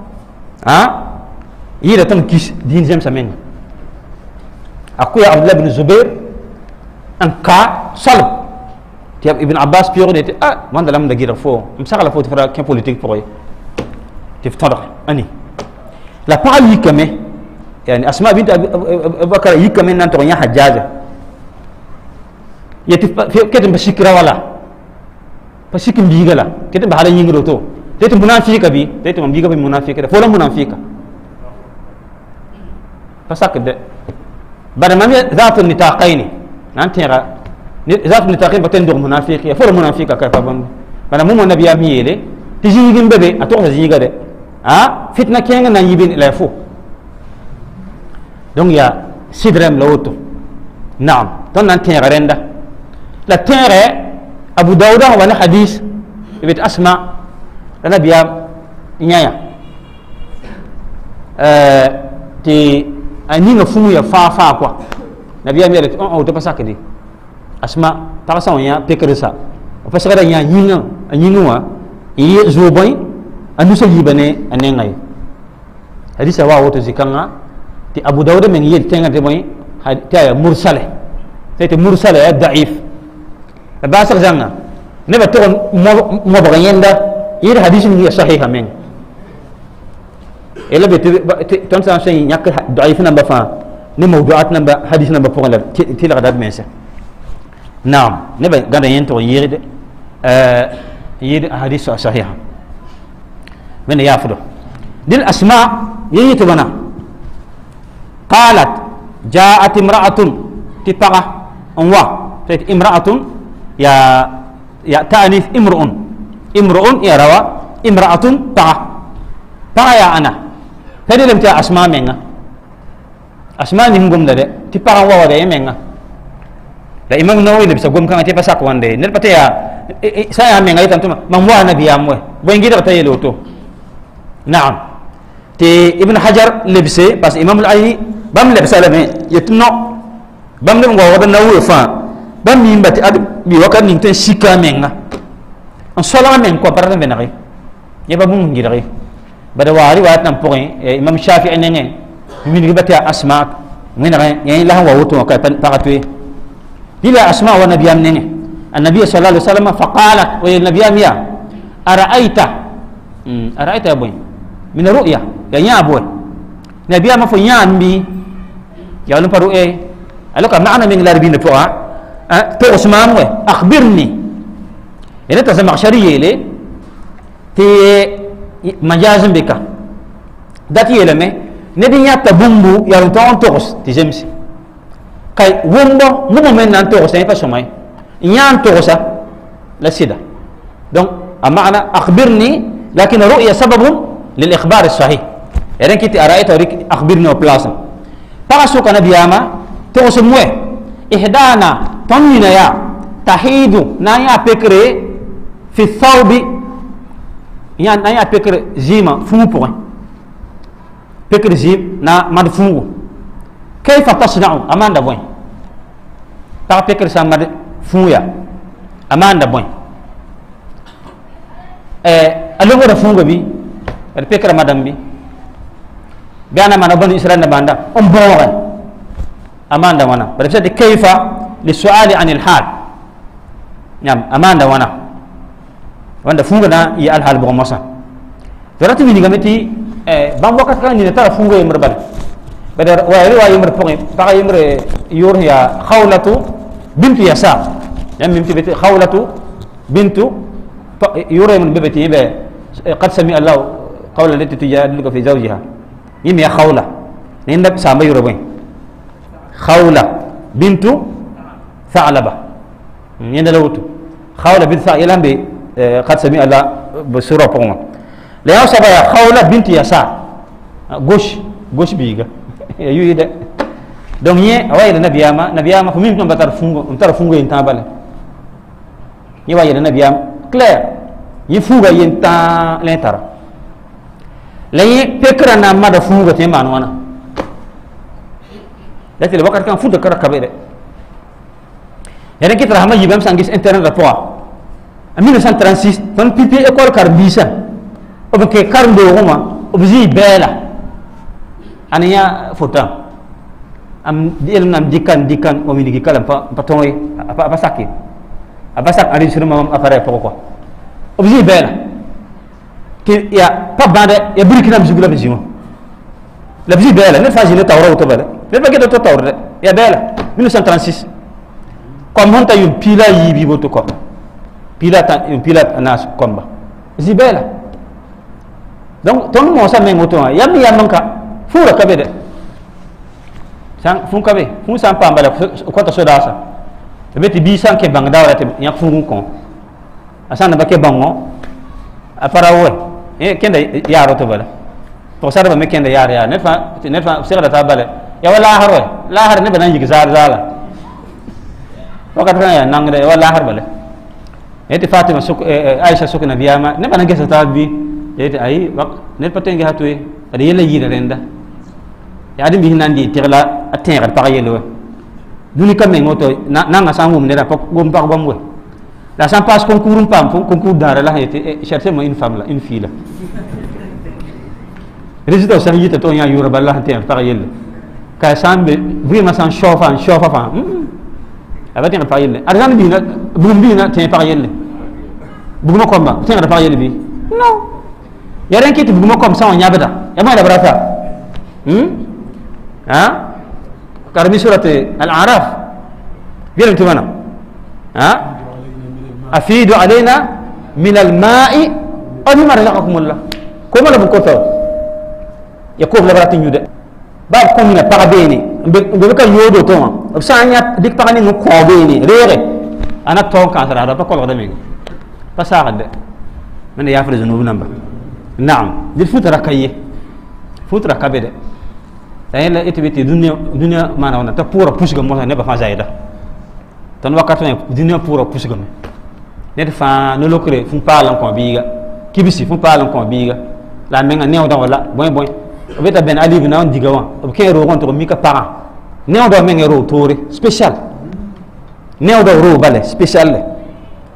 ha yira ton kis din jam samen akuya abdullah bin zubair an ka salam tɩ ibn abbas pɩoogde tɩ a wãnda lam da gɩdg fo m sagla fo tɩ fara kẽ politique pʋgẽ tɩ f tõdg ani la pagb yikame yani asma bint abubakara yikame nan tog yã hajaja ya tɩ ket n pa sikra wala pa sik n biiga la ket n pa hala yĩngr woto tɩ tɩ munafika bɩ tɩ tɩ mam biiga pa munafikda fo la munafika pa sakd de bara mam zaatu nitaqaini nan tẽega zaf ni taqi baten dog munafiki ya for munafika ka pabam bana mumo nabi amiyele tijigi mbebe atoka ziga de ha fitna kenga na yibin la fu donc ya sidrem lawto naam ton nan tere renda la tere abu dawuda wa hadith ibit asma la nabi nyaya eh ti aninga fumu ya fa fa kwa nabi amiyele on on to pasakedi asma pagsã yã pekrsa pa yã yĩngã a yĩngẽ wã n yɩ bõe a nusa yiiba ne a nengã ye hadisa wa woto zĩ-kãngã tɩ abu dauda meng yel tẽngã tɩ bõe tɩ a mursale tɩ tɩ mursala daif e e la baasg zãnga nebã tog mobg yẽnda yɩɩd hadis ning yaa sahiha meng yela be tõnd sã n sõe yãk daif namba fãa ne mawduat namba hadis namba pʋgẽ la tɩlgda d mensa Nah, ne ba ganda yen to yiri de. Eh yiri hadis sahih. Men ya fudo. Dil asma yiri to bana. Qalat imra'atun tipara on wa. imra'atun ya ya ta'nif imra'un. Imra'un ya rawa imra'atun ta. Ta ya ana. Fait dil asma menga. Asma ni ngum de de tipara wa wa de la imam nawawi bisa gom kaŋa ate pa sak wãnde ne pa tɩ yaa sã n yaa menga yetame tɩma mam waa nabiyaam wɛ naam te ibn hajar lebse pas imam al ali bam lame yetɩ ya no yetno bam le waoogd na nawu fa bam mi mbati ad bi wakat ning tɩ menga, sika a menga n solga meng kɔ parat n venege yẽ pa bũmb bada ya imam shafii ne ne ba tɩ yaa asma wẽnegẽ yẽ la wa woto wã بلا أسماء ونبي منني النبي صلى الله عليه وسلم فقالت ويا النبي يا أرأيت أرأيت يا بوي من الرؤيا يا يا بوي نبي ما في أمي يا لون برؤيا ألو كم معنى من الأربعين أه، توا توسمان وي أخبرني إذا تسمع شريه لي تي مجازم بك داتي يلمي نبي يا تبومبو يا لون تون توس تجمسي kai wumbo mumo men nan to sai fa somai nyan to sa la sida donc a maana akhbirni lakin ru'ya sababun lil ikhbar as-sahih eren kiti araita rik akhbirni o plasa para so kana biama to so mwe ihdana tamina ya tahidu na ya pekre fi thawbi ya na ya pekre jima fu point pekre jim na madfugo كيف تصنع أمان دا بوين تاق بكر سامر فويا أمان دا بوين ألو غدا فوق بي البكر مدام بي بيانا ما نبني إسرائيل نباندا أم بوغن أمان دا وانا بربسة كيف للسؤال عن الحال نعم أمان دا وانا وانا فوق دا يألها البغمسا فرات بني قمتي إيه، بام وقت كان ينتهى فوق يمربالي بدر وروا يمر بقي بقى يمر يور هي خولة بنت يسار يعني بنت بنت خولة بنت يور من ببتي قد سمع الله قول التي تجادلك في زوجها يم يا خولة نين نب سامي يور وين خولة بنت ثعلبة ين لوتو خولة بنت ثعلبة بي آه، قد سمع الله بسورة بقوم لا يوصف خولة بنت يسار غش آه، غش بيجا yuyi de donc yẽ a wa yeela nabiyaama nabiyaama fo mim tɩ ba tara fũngo n tara fũngo yen tãa bala yẽ wa yeela nabiyaam clair yẽ fuuga yen tãa la yẽ tara la yẽ pekra na n mada fũuga tɩ yẽ maan wãna la tɩ la wakat kãng fũta ka rakabe de ya da kitara hama yibam sangis internet rapport en 1936 ton pipi école kar bisa ob ke kar ndo homa ob zi bela aninya foto, am diel ngam dikan dikan kami mini gikala pa patongoy apa apa sakit apa sak ari suru mam raya pokok, obzi bela ki ya pa bade ya buri kinam jugula bi jimo la bi bela ne faji ne tawra to bela ne ba gedo to tawra ya bela 1936 comme honta yum pila yibi boto ko pila ta yum pila anas komba zibela donc ton mo sa men ya yam yam ka fura kabe de san fun kabe fun san pa bala ko to soda sa to beti bi san ke bang dawra te nyak fun ko asan na bake bango a para wo e eh, kenda yaro to bala to ba me kenda yar ya ne fa ne fa sira ta bala ya wala haro la har ne banan yig zar zala wakat kan ya nang de wala har bala ti fatima suk eh, eh, aisha suk na biyama ne banan gesa ta bi ya ti ai wak ne patengi hatu e ada yela yira renda ya adi bihin nandi di tirla atteindre par yelo duni kamé ngoto na nga sangum ne la gom par bamwe la sans pas concours un pam concours d'art la été chercher moi une femme là une fille là résultat ça yita to nya yura balla atteindre par yelo ka sambe vraiment sans chauffa chauffa fa aba tiendre par yelo arjan bi na bum bi na tiendre par yelo buguma komba tiendre par yelo bi non yaren kiti buguma kom sa on yabada yabada brata hmm ها كرمي سورة الأعراف قلت أنا أفيد علينا من الماء أو مما رزقكم الله كم لو بكتو يكوف لبراتي نيودا باب كم من بعديني بيبقى يودو توما بس أنا ديك بارني نو كوبيني ريري أنا توم كان هذا بقول هذا مين بس هذا من يافر ذنوب نعم دي الفترة كيه فترة كبيرة ta yẽla d be tɩ dũniyã maana wãna t'a pʋʋra pusgame wãsa nebã fãa zaɩda tõnd wakat fãa dũniyã pʋʋra pusgame ned fãa nolokre fũ paal n kõ biiga kibsi fũ paal n kõ biiga la a menga neoodã wala bõe bõe b be t'a bɛn alib na n diga wã b kẽ roog n tʋg mika pagã neoodã menga roog toore spécial neoodã roog bale spécial le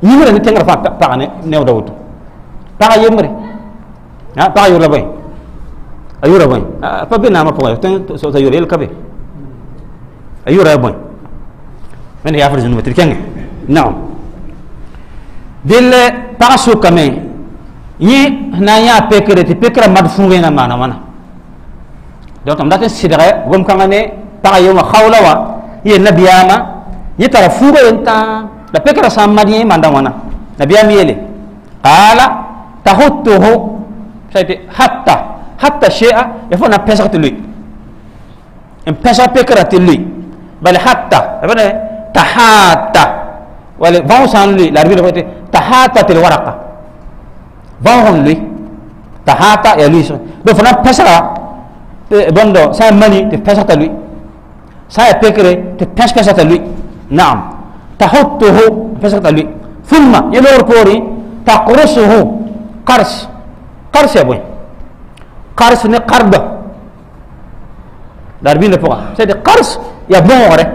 yĩmra ne tẽngrã fãa pag neoodã woto pag yembre pag yoor bõe ayura boy pabi nama pagayo tan so ta yurel kabe ayura boy men ya farz numatir kenge naam dille pasu kame yi na ya pekere ti pekra mad madfunge na mana wana donc am datin sidare wom kanga ne ta yo ma khawla wa ye nabiyama ye tara fuga enta la pekra sam madi manda mana nabiyami ele qala tahuttuhu sayti hatta حتى شيء يفون بسخت تلوي ان بسا بكرة تلوي بل حتى يفون تحاتا ولا فونسان لي لو قلت تحاتا الورقة فونهم لي تحاتا يا لي دو فنا بسا بندو سان ماني تفسخت تلوي سان بكرة تفسخت تلوي نعم تحطه فسخت تلوي ثم يلور كوري تقرصه قرص قرص يا بوي قرص ني قرض داربين لفوق سيدي قرص يا بونغري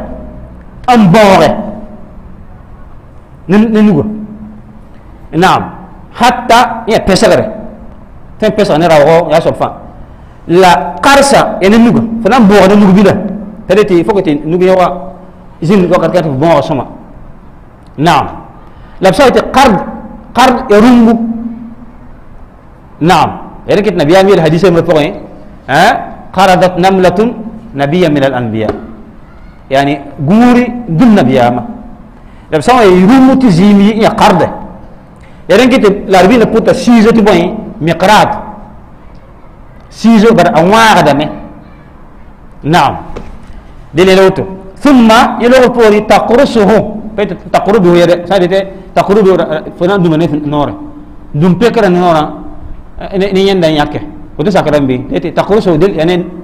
ام بونغري ننغو نعم حتى يا بيسغري تن بيسغ ني راو يا سوفا لا قرص يا ننغو فلان بونغ ننغو بلا تدتي فوقتي نغو يوا زين وقت كانت بونغ سما نعم لبسوتي قرض قرض يرمو نعم يعني ركت نبي أمير حديث مفقين ها قرضت نملة نبيا من الأنبياء يعني غوري دم نبيا ما لب ما يروم تزيمي يا يعني كت لاربين نبوت سيزو تبوين مقرات سيزة بر أنواع دمه نعم دليلوتو ثم يلوغ بوري تقرصه بيت تقربه يا سادته تقربه فلان دمنه نور دم بكر نورا ni yẽnda dañ yãke ko tɩ sakra n bɩ tɩ takrso del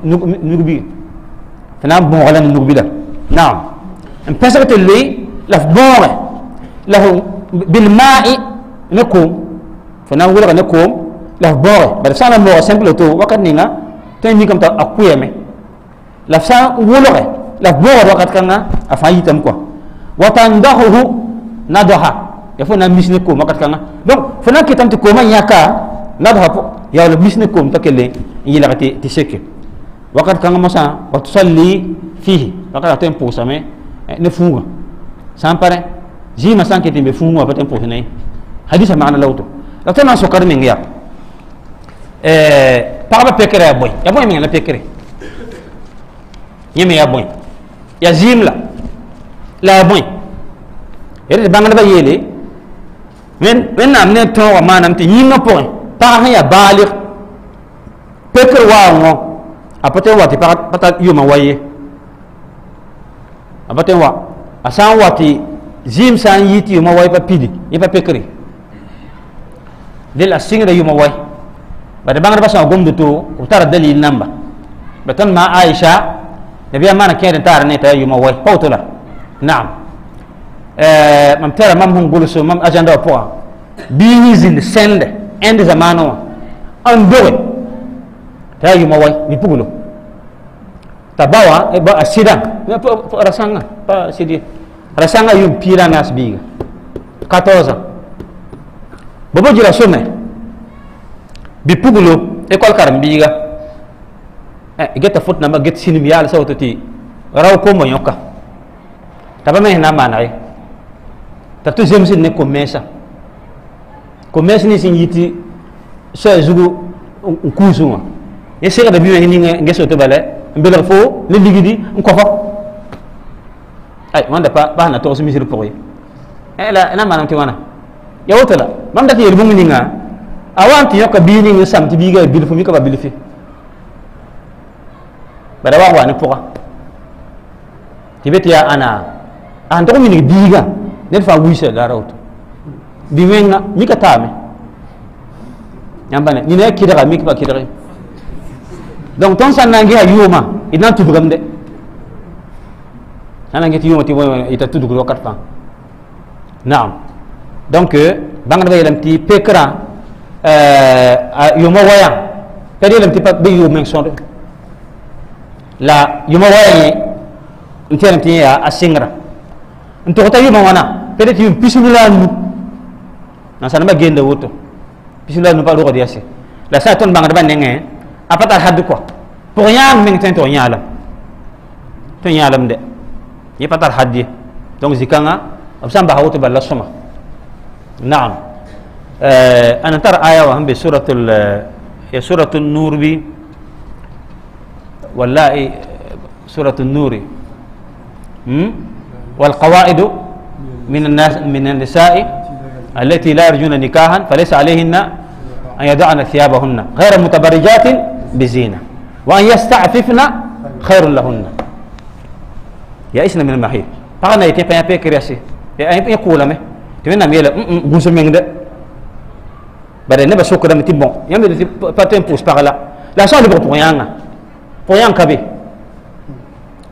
nugbi tɩ bo wala nugbi da naam en pẽsg tɩ loe la f la f bilmaai ne koom fo na n la f bõoge bara f sã na mooge simple to wakat ni nga tõe ni kam ta akuyeme la sã n wʋlge la f bõogd wakat kãngã a fãa yitame ko wa tandahhu nadoha ya fo na n mis ne koom wakat donc fo na n ketame tɩ koomã yãka nadha po ya la bisne kom takele yila ti ti wakat kanga masa wa tusalli fihi wakat tem posa me ne funga sampare jima sanke tembe funga pa tem posa ne maana lawto la tena so karme ngiya eh pekere ya boy ya boy me la pekere yeme ya boy ya jimla la boy ere bangana ba yele men men namne to wa pag ya balik baalg pekr waoongõ a pa tõe n wa tɩ pa tar yʋma wa ye a pa tõe n wa a wa tɩ zɩɩm sã n yɩ tɩ yʋma wa y pa pidi y pa pekre dela a sɩngda yʋma wa bara bãngdbã sã n gomd to b tara dalil namba ba ma Aisha Nabi nabiya maana kẽed n taara ne t'a yʋma wa pa woto la naam mam tɛra mam sẽn gʋlso mam ajanda wã pʋgã bii yẽ sẽnde end zamana wã n doge tɩ yaa wai bɩ puglo t'a ba wã a sɩdãng rasãngã pa sɩd ye rasãngã yʋm piirã naas biiga 14 ans ba bo jira some bɩ puglo école eh, karen biiga geta fʋt eh, nama get sĩnim yaal sa woto tɩ rao komba yõka t'a ba mes na n maanege t'a tɩ zemsd ne kom-mɛɛsã ko mes ni sin yiti so zugu nkusu ma ye ya sega da biwe ni ngeso to bale mbele fo le ligidi nkofo ay da pa ba na to so misir e eh, la na manam ti wana ya wotala man da ti yerbu ni nga awan ti yoka bi ni sam ti biga bil fu mi ka bil fi bara wa wa ni poka tibeti ya ana an to mi ni biga ne fa la rawto bimenga mika tame ni nina kidara mika ba kidara donc ton san nangi a ya yuma ina tudugam de nangi ya ti yuma ti boy ita tudug lo kat fa naam donc euh, bang na yelam ti pekra euh yuma waya kadi yelam ti pa be yuma son la yuma waya ni ntiyelam ti ya asingra ntokota yuma wana pede ti yum pisu la nansana ba genda woto bisila no ba ro dia se la sa ton bangada ba nenge apata hadu ko pour rien ming ten to nyala to nyalam de ye patar haddi donc zikanga am samba hawto balla suma نعم آه انا ترى ايه وهم بسوره هي سوره النور بي والله سوره النور والقواعد من الناس من النساء التي لا يرجون نكاحا فليس عليهن أن يدعن ثيابهن غير متبرجات بزينة وأن يستعففن خير لهن يا إسنا من المحيط فأنا يتي بيان بيكر يسي يقول أمي تمنى ميلا غوس من ده بعد نبا سوق دم متي بون يام دي باتين بوس par لا شان salle pour pour yanga pour yang kabe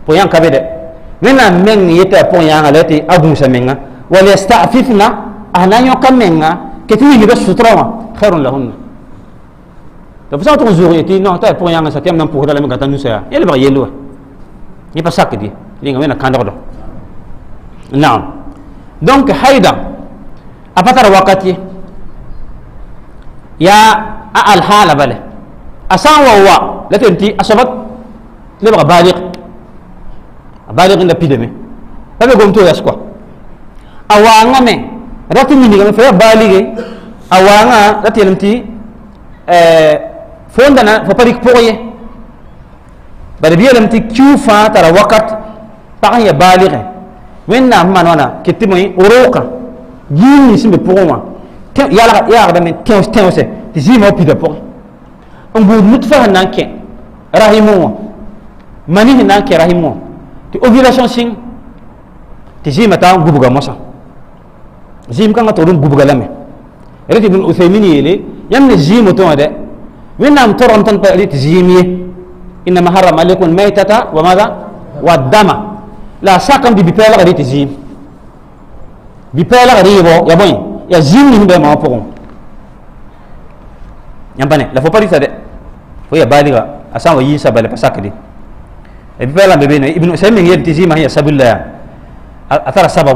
pour yang kabe de mena men yeta pour yanga leti abu samenga wal أهلا يكمنا كتير يجيب السطرة خير لهن لو فسأت غزوريتي نه تاي بو يانغ ساتيام نام بوغدا لام غاتا نوسا يلا بغي يلو ني ساك دي لين عمينا كان دو نعم دونك هيدا أفتر وقتي يا الحالة بله أسان ووا لا تنتي أشبك لبغى بالغ بالغ لا بيدمي لا بيقوم تو يسكو أوانغمي rat yĩndgame fo ya baalige eh, a waangã rat yelm tɩ fo n dãna fo pa rɩk pʋg ye bara bɩ kiu fãa tara wakat pag ya baalige wẽnnaam que wãna kɩ tɩ me rʋʋka yiim nins n be pʋgẽ wã yaagdame tẽos Tu mut fa na mani na n ovulation Tu tɩ zɩɩmã taa zim kanga torun gubgalame ريت ابن عثيمين يلي يمن زيم تو ده وين ام tan تن ret zimiye انما حرم عليكم الميتة وماذا والدم لا ساقم دي بيبل غري تزيم بيبل غري يبو يا بوين يا زيم ني بما بوكم يامباني لا فو باريتا دي فو يا بالغا اسان وي يسا بالا بساك دي بيبالا بيبين ابن عثيمين يد تزيم هي سبيل الله اثر سبب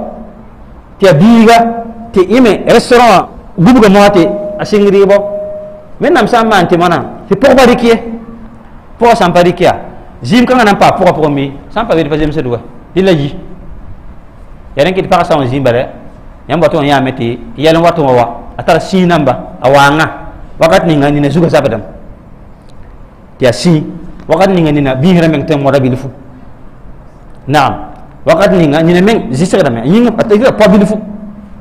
tia biga ti ime restaurant gubga moati a bo men nam man ti mana ti ba rikie po sam pa rikia zĩib ka na pa po pʋgã mi sam pa be tɩ se duwa di la ji ya ren ki tɩ pagã sã n zĩmba ba yãmb ya wa a si namba a wakat ninga nina zugã zabdame tɩ tia si wakat ninga nina biisrã meng tɩ fu, moda naam wakat ni nga ñu ne meng jisra dame ñi nga atay ga pabi fu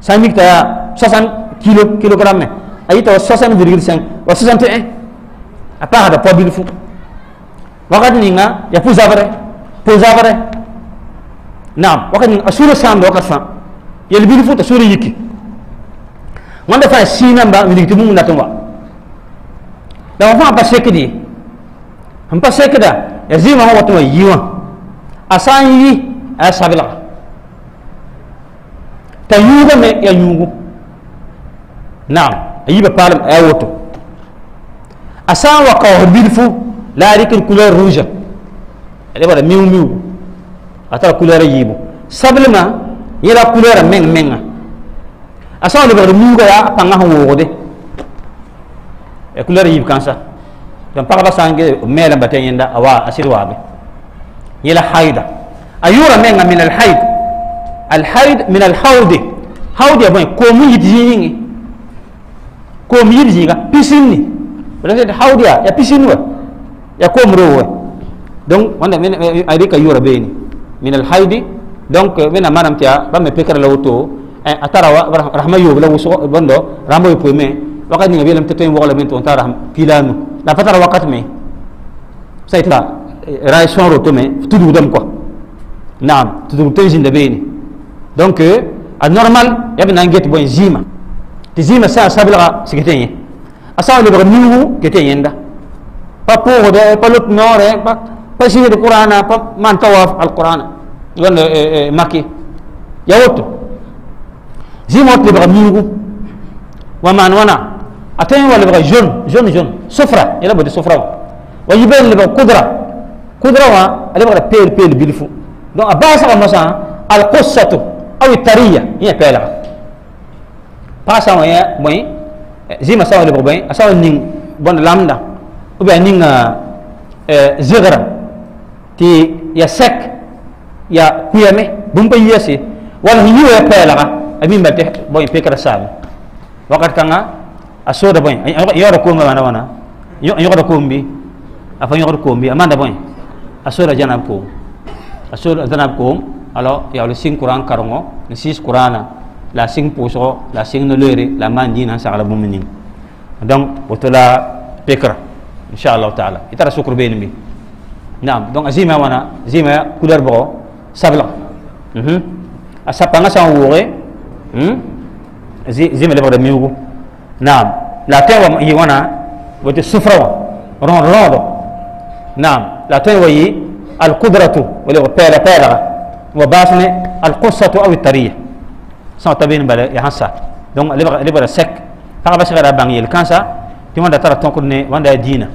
samik ta sasan kilo kilogramme ay ta 60,5 wa eh, apa ada pabi fu wakat ni nga ya pu zavare pu zavare Nam, wakat ni asura sam do wakat sam ya bi fu ta sura yiki wanda fa sina ba mi digtu mu natumba da fa pa sekedi sekida ya zima hawa watuma yiwa asan yi a sabla ta yuuga me ya yuugu naam a yiba paalem a woto a sãn wa kaos bilfu la a rɩkd couleur rouge d bara miu miugu a tara couleur a yiibu sablmã yẽra couleur a meng menga a sãn wa lebgd miuga yaa a pãngã sẽn woogde couleur a yiib kãnsa dõn pagba sã n ge meelã bata yẽnda a waa a sɩd waabe yẽla haida ayura menga min al haid al haid min al haudi haudi abon ko mu yidi yingi ko mu yidi zinga pisinni bala se haudi ya ya pisinni wa ya ko mu rowa donc wanda men ari ka yura beni min al haidi donc mena manam tiya bamme pekara lawto atarawa rahma yob la wuso bondo rambo yob me wakati ni bilam tetoy wala men ton taram pilanu la fatara wakati me sayta ray son roto me tudu dam quoi نعم تدوم تنزل دبيني دونك النورمال يبنى نجيت بوين زيما تزيما سا سابلغا سكتيني أسا لبغ نوه كتيني يندا بابور بوغ بالوت نور لوت نوري با با سيد القرآن با من تواف القرآن يقول آه، آه، آه، مكي يوت زيما لبغ نوه ومن ونا أتين ولا بغ جون جون جون سفرة يلا بدي سفرة ويبين لبغ قدرة قدرة وا اللي بغ بير بير بيلفو donc a baa sãga mosã alqussato aw tariya yẽ pɛɛlga pagã sã n wa yẽ bõe zĩmã sã n wa lebg bõe a sã n wa ning bõnd lamda b yaa ninga zegra tɩ ya sɛk ya kuyame bũmb pa yiase wala sẽn yiwa ya pɛɛlga a mi bal tɩ bõe pekra saame wakat kãnga a sooda bõe yõgda koomba maana wãna yõgda koombi a fa yõgd koombi a maanda bõe a sooda jana n koom asul adanab ko alo ya le sing kuran karongo ne sis kurana la sing poso la sing no lere la man dina sa ala bumni donc otola pekra inshallah taala itara sukru beni mi nam donc azima wana azima couleur bo sabla mhm asa panga sa wore hmm azima le bo de miugo nam la tewa yi wana wote sufra ron rodo nam la tewa yi القدرة ولو بيلا بيلا وباسنة القصة أو الطرية سان تبين بلا يحسا دون لبر لبر سك فقط بس غير باني الكانسا تيمان ترى تنقلني واندا دينا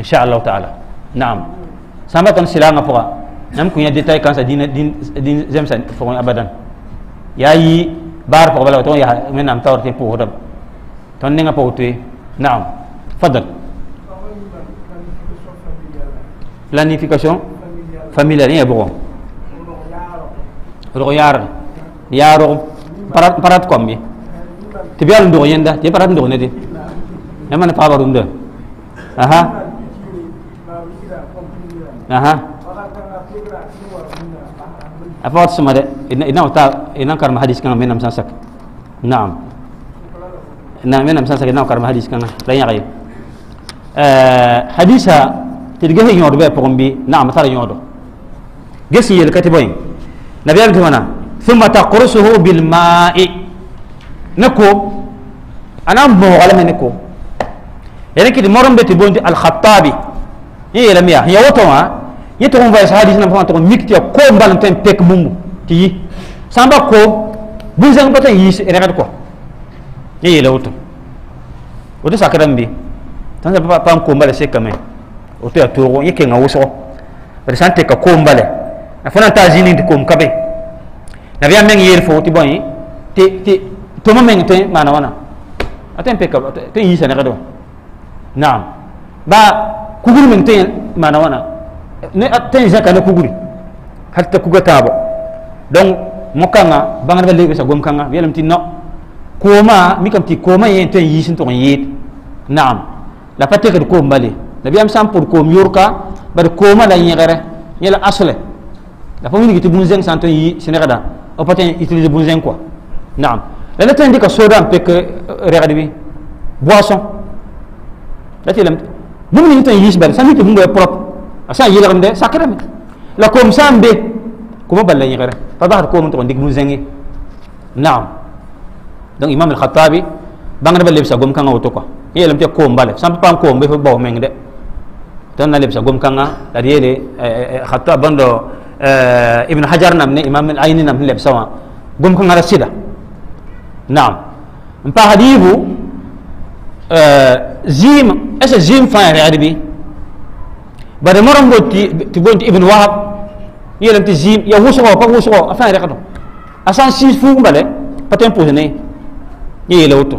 إن شاء الله تعالى نعم سامة سلام فوق نعم كون يدتاي كانسا دين دين دين زمسا فوق أبدا يي بار فوق بلا تون يا من نام تور تي بوه دم تون نينا بوه توي نعم تفضل planification familiare ya bogo rogo yar yaro parat parat kombi tibiyal ndo yenda dia parat ndo nedi yama na paba runda aha aha apa waktu semade ina ina utar ina karma hadis kang menam sasak naam na menam sasak ina karma hadis kang lainnya yakin eh, Hadisnya tidak hanya orang pombi naam yang orang. جسم يلكتي نبي عبد هنا ثم تقرصه بالماء نكو انا مو على نكو يعني كده مرم بتبون بوند الخطابي هي إيه لم لميا هي وتما يتهم بس حديث نبا تو ميكتي كو مبال بيك بومو تي سامبا كو بوزان بتن يس رغد كو هي إيه لوتو ودي ساكرم بي تنزل بابا بام كوم مبال كمان وتو يا تو يكي غوسو رسانتي كو بالي a fo nan taa zĩnig tɩ kom ka be nabiyaam meng yeel fo tɩ bõe tɩ te tʋm meng tõe maana wãna a tõe n peka tõe n yiisa negd wa naam baa kugr meng tõe maana wãna tõe n zãka ne kugri hal t'a kuga taabo donc mokãngã bãngdbã lebsa gom-kãngã yeelame tɩ no kooma mikame tɩ koomã yẽ tõe n yiis n tʋg n yeed naam la pa tekd koom bale nabiyaam sã n pʋd koom yorka bare koomã la yẽgrɛ yẽ asle da fo wingi ti bunzeng san ton eh, yi senegda o patin utilise bunzeng quoi naam la la tan dika soda pek regade bi boisson la ti lam bu ni tan yis bal san ti bu mum propre asa yi la ngande sakra mi la kom sam be kuma balla yi gara fa dahar ko mun to dik bunzeng naam donc imam al-khattabi bangna ba sa gom kanga woto quoi yelam te ko mbale sam pam ko mbe fo baw meng de tan na lebsa gom kanga la yele eh, eh, khatta bando آه، ابن حجر نمني نعم، إمام العين لب لبسوا قم كن على السيدة نعم مبا حديثو آه، زيم أس زيم فاير عربي بعد مرة بوتي تبونت ابن وهب يلم تزيم يا وسوا با وسوا أفهم رقدو أسان سيس فوق بالله بتم بوزني يلوتو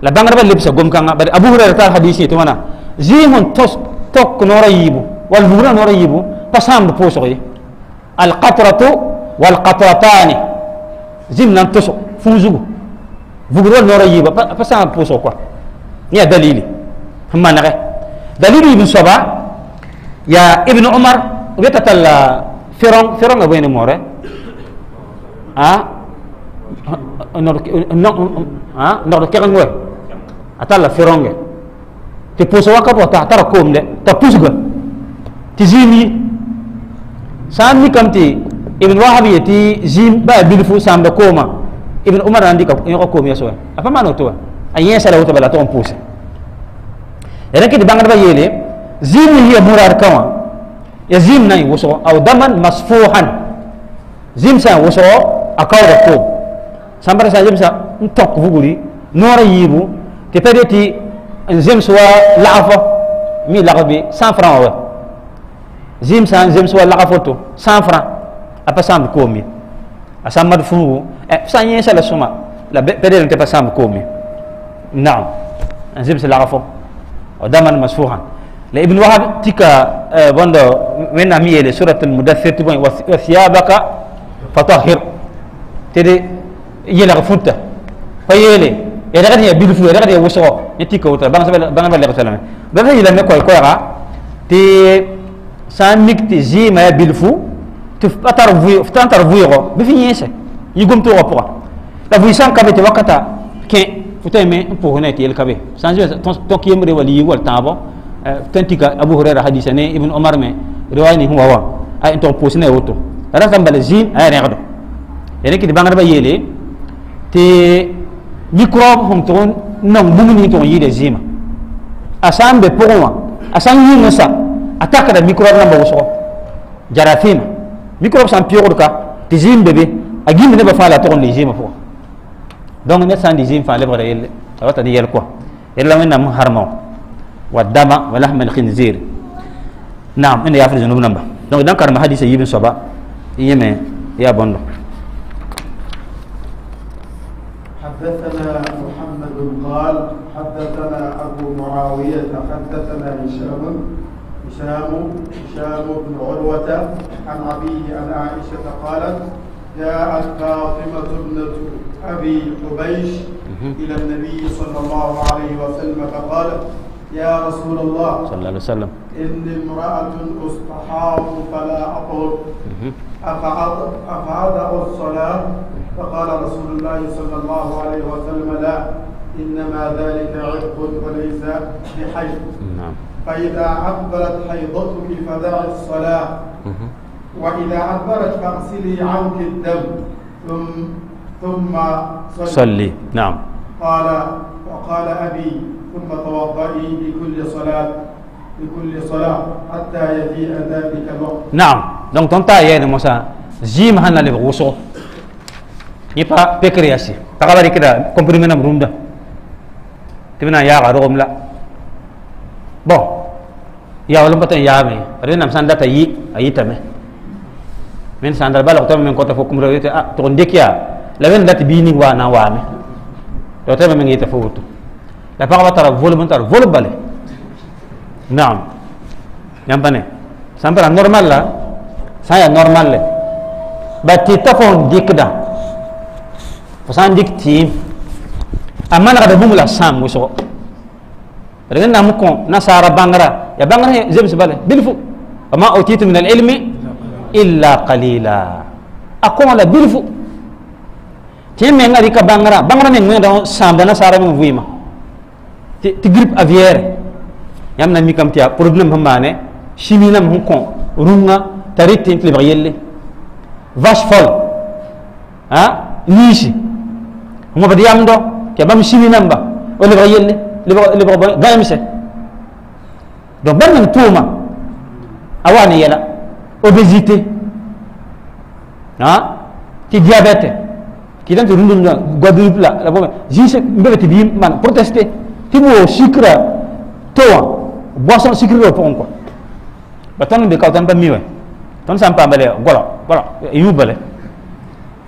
la bangar ba lebsa gom kanga bari abu hurairah ta hadisi to wana zihon tos tok nora yibu wal hura nora yibu pasam do poso yi القطرة والقطرتان زمنا تسو فوزو فوزو النور يبا بس بوسو كوا يا دليلي هما نغي دليلي ابن صبا يا ابن عمر ويتتل فرعون فرعون وين موري ها نور ها نور كيرن وين اتل فرعون تي بوسو كبو تعتركم ده تبوسو تزيمي سامي كمتي ابن وهب يتي جيم با بيلفو سام بكوما ابن عمر عندي كوكو كوم يسوي افما نوتو اي يس لو تبلا تو امبوس يرك دي بانغ يلي زيم هي مرار كوا يا زيم ناي وسو او دمن مصفوحا زيم سا وسو اكو ركو سامبر سا زيم سا نتوك فوغولي نورا ييبو تي بيديتي زيم سوا لافا مي لافا بي 100 زيم سان زيم سوال لقى فوتو سان فرا أبا سام كومي أسام مدفوع إيه، سان ين سال سوما لا بدل نتبا سام كومي نعم زيم سال لقى فو ودام أنا مسفوها لابن وهب تيكا إيه، بند من أمي إلى سورة المدثر تبون وثيابك فطهر تدي يلا غفوتة فيلي yàrá kati yà bi dufu yàrá kati yà wosowó yà ti kawo tó la bangasabe la bangasabe la yàrá sallamé bangasabe yi la mɛ san mikti zɩɩma bilfu tɩ f tã n tar vɩɩgɔ bɩ fɩ yẽese yi gom tʋʋgã pʋga la vɩɩ sã n ka wakata kẽ fo me n pʋʋs ne tɩ yel ka be sãn zĩ abu hurairah hadisa ne ibn umar me riwaya huwa wa ay n tog woto la rata n bala zĩim a yaa rẽgdo ya rẽkɩ tɩ bãngdbã yeele tɩ microbe sẽn tʋg n nong bũmb ning sa attaque atakada microbe namba wosgo jarafima microbe san piyogdka tɩ zĩim bebe a gĩmd nebã fãa la tʋgn ne zĩimã pʋgã donc ned sã n dɩ zĩim fãa lebgda yelle a wata ne yɛl kɔ yella wẽnnaam n harma wa dama wa lahm al khinzir naam ina yaafr zũnub namba donc dãn karema hadisa yiib n soaba n yẽme ya bõndo حدثنا محمد قال حدثنا أبو معاوية حدثنا هشام هشام هشام بن عروة عن أبيه عن عائشة قالت جاءت فاطمة ابنة أبي قبيش إلى النبي صلى الله عليه وسلم فقالت يا رسول الله صلى الله عليه وسلم إني امرأة أصطحاب فلا أطلب أفأضع الصلاة فقال رسول الله صلى الله عليه وسلم لا إنما ذلك عرق وليس بحج نعم فإذا عبرت حيضتك فدع الصلاة وإذا عبرت فاغسلي عنك الدم ثم ثم صلي, صلي. نعم قال وقال أبي ثم توضئي لكل صلاة لكل صلاة حتى يجيء ذلك الوقت نعم دونك تنتا يعني موسى جيم هنا لبغوصو يبقى بكري أسي تقبل كده كومبريمينا بروندا تبنا يا غروم لا بون ya wala mbaten yaame renam san data yi ayi tame men san dal bala to men ko to fokum rewete a to ya la men data bini wa na waame to to men yita fawutu la pa wa tara vol tara naam yam bané san normal la saya normal le ba ti ta fon dikda fo san dikti amana kada bumula sam wiso renam ko nasara bangara يا بانغره جيمس بالي بلفو وما أوتيت من العلم إلا قليلا أقوم على بلفو تيم من غيرك بانغرا بانغرا من غير دون سامدنا سارة من فيما تجرب أفير يامنا ميكم تيا problem هم مانه شمينا هم كون رونا تريت تنت لي vache folle ها nishi هم بدي يامدو كبام شمينا با ولا بغيلي لبغ لبغ غامشه donc ban nan tuuma awa obésité ha hein? ti diabète kidan to rundum na godul la la bo jise mbere ti bi man protester ti bo sucre towa boisson sucre ko bah, hein. on quoi batan de kawtan ba miwe ton sampa bale golo golo yubale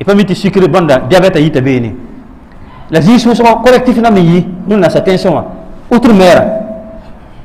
e pami ti sucre bonda diabète yita beni la jise so correctif na mi nous nun na sa tension hein. outre mer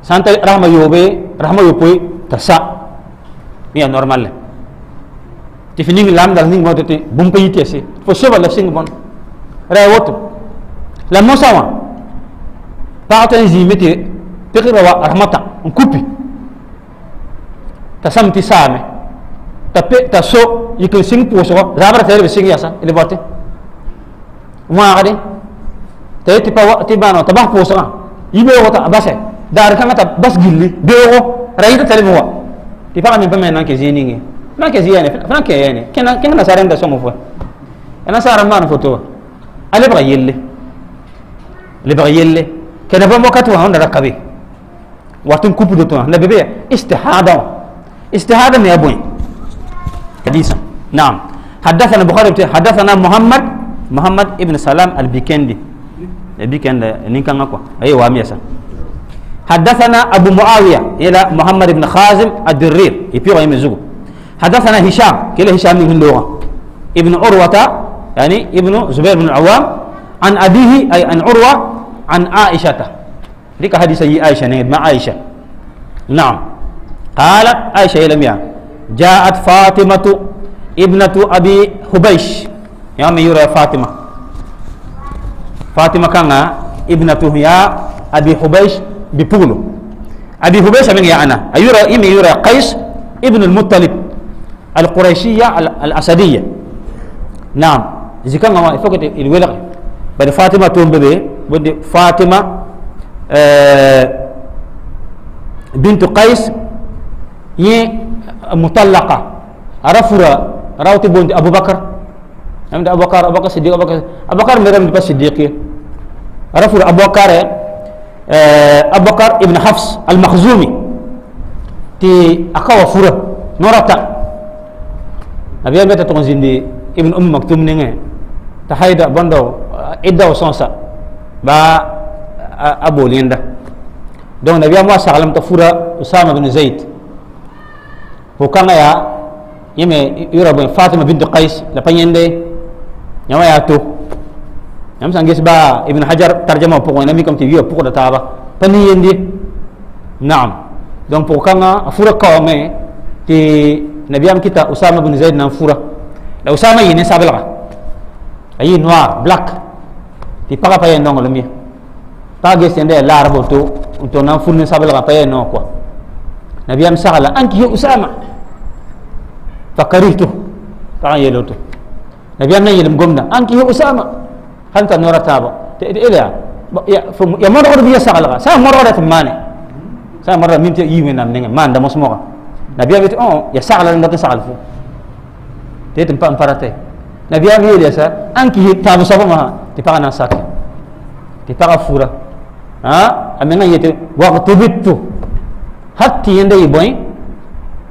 santa rahma yobe rahma yopoy tasa mi normal ti fini lam dal ning moto ti bum payi tese fo seba la sing bon re woto la mosa wa parta en jimi ti pikira wa rahmata on kupi tasam ti same ta pe ta so yikin sing poso zabra tere sing yasa ile bote wa gade te ti pa wa ti bano tabah poso yibe wota abase dar kanga ta bas gilli bego rayida tali mo wa ti fami ba men nanke zini ngi nanke ziyane franke yane kenan kenan na saren da songo fo ana sara man foto ale ba yelle le ba yelle kenan ba mo katu handa rakabe watun kupu do to na bebe istihada istihada me aboy hadisa na'am حدثنا البخاري حدثنا محمد محمد ابن سلام البيكندي البيكند نين كان اكو اي وامي يسا حدثنا أبو معاوية إلى محمد بن خازم الدرير يبيو يبيغ يمزوه حدثنا هشام كلا هشام من اللغة ابن عروة يعني ابن زبير بن العوام عن أبيه أي عن عروة عن عائشة ديك حديث أي عائشة نجد مع عائشة نعم قالت عائشة إلى ميا جاءت فاطمة ابنة أبي حبيش يا من يرى فاطمة فاطمة كان ابنته يا أبي حبيش ببولو أبي هبيش من يعنى أيرى إم يرى قيس ابن المطلب القريشية الأسدية نعم إذا كان ما يفوت الولغ بعد فاطمة تومبي بدي فاطمة آه بنت قيس هي مطلقة رفرة راوتي بنت أبو بكر نعم، أبو بكر أبو بكر صديق أبو بكر أبو بكر مريم بس صديقية رفرة أبو بكر أبكر آه، ابن حفص المخزومي تي أكوا فورة نورتا أبي بيتا تتغنزين دي ابن أم مكتوم نيني تحايدا بندو إدا وصنصا با آه، أبو ليندا دون نبي أمو سعلم تفورة أسامة بن زيد وكان يا يمي يرى فاطمة بنت قيس لبنين دي يما يا تو yam sangis ba ibn hajar tarjama pour nami ami comme tu vieux oh, pour taba pani yendi naam donc pour kanga afura ti am kita usama bin zaid nan fura la usama yene sabla ayi noir black ti para pa yen ndongol mi ya. ta ge sende la arbo to to nan furni sabla pa yen no nabi am sahala anki ya usama fakaritu ta yeloto nabiyam na yelim gomna anki ya usama hanta nora taba te ida ila ya fum ya mara kodu biya sakala ka sa mara kodu mane sa mara min te iwe nam nenge man da mosmo na biya oh ya sakala nda te sakala fu te te mpa te na biya biya ila sa anki ki hit tabu sa fuma te paka na sakala te paka fura ha amena yete wak tu bitu hati yende iboi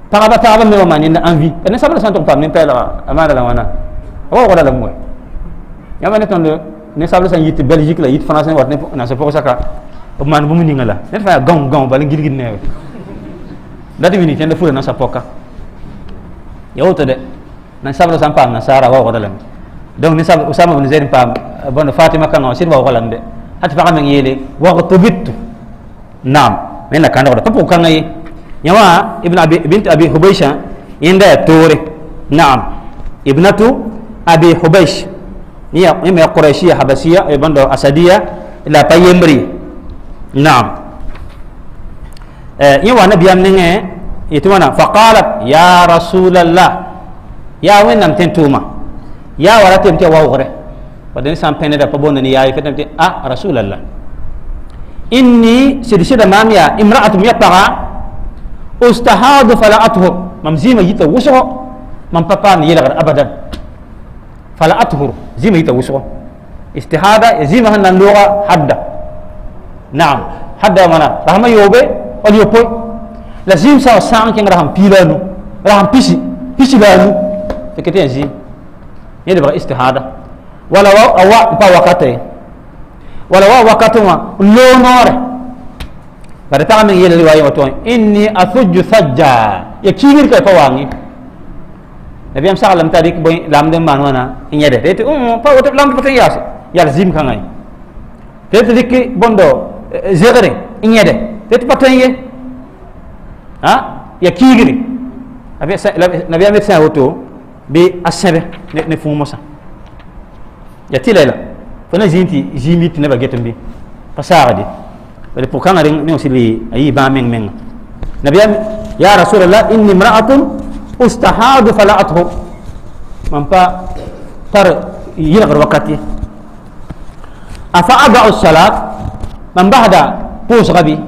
paka ba taba me wamani nda anvi ene sabala santo pa min pela amana la wana awo kodala yamane ton ne sable san yitt belgique la yitt france wat ne na se poko saka man bu mu ninga la ne fa gong gong bala ngir ngir neew dati wini de fure na sa poka yow ya to de na sable san pam na sara wa wadalam donc ni sable usama bin zaid pam bon fatima kan on sir wa wadalam de hati fa amen yele wa nam men na kan wada to poka ngai nyawa ibn abi bint abi hubaysha inda ya tore nam ibnatu abi hubaysh نيا قريشية حبسية بندو أسدية لا بايمري نعم يوا نبي أمنه يتوانا فقالت يا رسول الله يا وين نم تنتوما يا ولا تمتي واغره ودني سام بيني دا فبون ني ياي فتمتي اه رسول الله إني سيدي سيدا ماميا امرأة يطغى استهاد فلا أطهر ممزيمة جيتا وسعه من بابان يلغر أبدا فلا أطهر زي ما هي توسوا استهادة زي ما هن اللغة حدا نعم حدا منا رحمة يوبي أو يوبي لازم سا سان كين رحم بيلانو رحم بيسي بيسي بيلانو فكتين زي يدي يدبر استهادة ولا وا وا با وقته ولا وا وقته ما لو نور بعد تعمل يلي واي وتوين إني أثج ثجا يكير كيف واني biyam saglam ta dik boy lam dem man wana nyede det um pa wotu lam patin yas yar zim kan ay det dik bondo zegere nyede det patin ye ha ya kigiri abi nabi amet sa wotu bi asabe ne ne fu mosa ya tilela fana zinti jimit ne bagetum bi pasarade bari pour kan ari ne aussi li ayi ba meng meng nabi ya rasulullah inni imra'atun استحاد فلعتهم من با تر يغر وقتي أفأضع الصلاة من بعد بوس غبي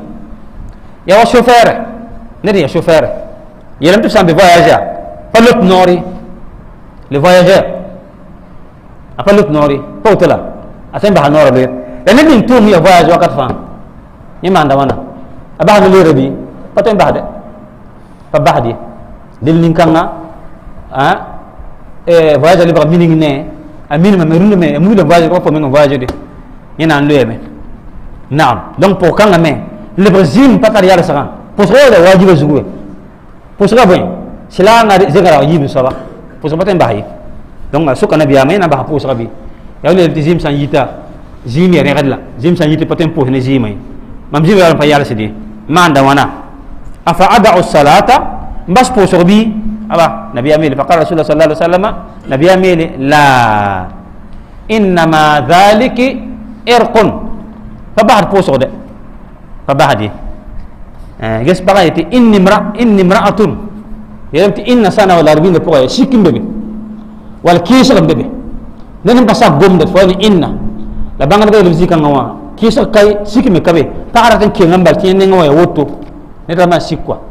يا شوفير نري يا شوفير يلم تسام بفواياجا فلوت نوري لفواياجا أفلوت نوري بوتلا أسمع بها نور يعني بيه لأن من توم يا فواياج وقت فان يما عندنا أبغى نلير بي فتوين بعد فبعدي lillin kanga a e voyage libre mining ne a minima me runde me mu de voyage ko fo men voyage de ina an loyeme naam donc pour kanga me libre zim patar yalla sagan pour so de wajiba zugu pour so bon sila na zegara wajibi so ba pour so baten bahi donc so kana biya me na ba pour so bi yawle zim san yita zim yere gadla zim san yita paten pour ne zimai mam zim yalla pa yalla sidi ma anda wana afa ada'u salata مبس بوسو بي أبا نبي أميلي فقال رسول الله صلى الله عليه وسلم نبي أميلي لا إنما ذلك إرق فبعد بوسو ده فبعد دي جس بقى يتي إني مرأ إني مرأة يرمت إن سنة والأربعين بقى يشيكم بيبي والكيس لم بيبي نحن بس أقوم ده فأني إن لبعض الناس يقول زي كنوع كيس كاي سيكم كبي تعرفين كي نمبر تين نعوى وتو نتلامس سيكوا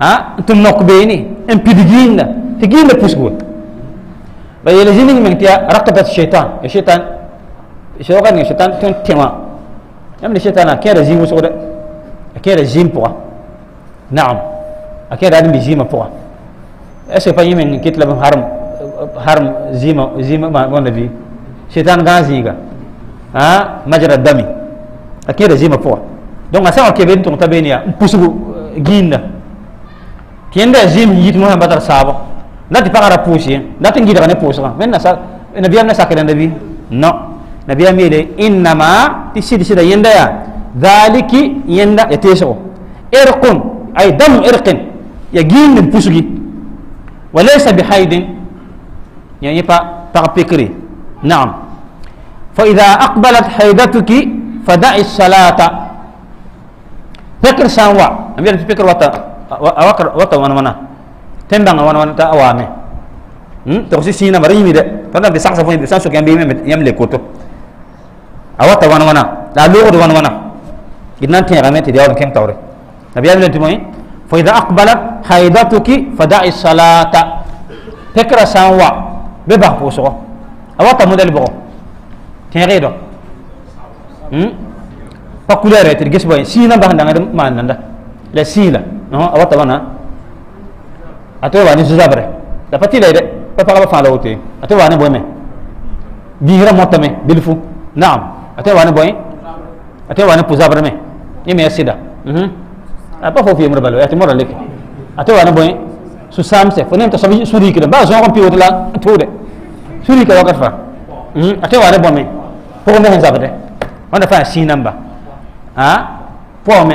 tɩ n nok beene n pid giinda tɩ giinda pusgo ba yel zĩ ning meng tɩ yaa rakabat shaitan ya shaitan soga ning shaitan tõnd tẽwã yãmb ne shaitana a kẽeda zĩ wʋsgda a kẽeda zĩm pʋga naam a kẽeda ad n bɩ zĩmã pʋga est ce que pa yẽ meng n kɩt la bõn harem harem zĩmã zĩmã bõnda bɩ shaitan gã zĩiga majra dami a kẽeda zĩmã pʋga donc a sã n wa kebe n tʋg t'a beene yaa n pusgu giinda كيندا زيم يجيت مهم بدر سابا لا تفرق على بوسي لا تنجي لغني بوسرا من نسا النبي أم نسا كده النبي نو النبي أم يلي إنما تسي تسي ده يندا ذلك يندا يتيسو إرقن أي دم إرقن يجين بوسجي وليس بحيد يعني يبا تغبكري نعم فإذا أقبلت حيدتك فدع الصلاة فكر سانوا النبي أم فكر وطن awakar wata wana wana tembang wana wana ta awame hmm to si sina mari mi de tanda bi saksa fo san so gambe me yam le koto awata wana wana da logo wana wana ginan tin ramet de awon kem tawre nabi yam le timoy fa idha aqbalat haidatuki fada'i salata tekra sanwa be ba po so awata model bo tin redo hmm pa couleur et gisboy sina ba ndanga de mananda la sila no awa tabana ate wani zuzabre da patila de papa kaba fala uti ate wani boyme bihira motame bilfu naam ate wani boy ate wani puzabre me yeme yasida mhm apa fofi yemre balo ate mora leke ate wani boy su samse fonem to sabi suri kida ba zo kon piwot la tude suri ka wakat fa mhm ate wani boyme ko mo hen zabade wanda fa sin namba ha eh? pome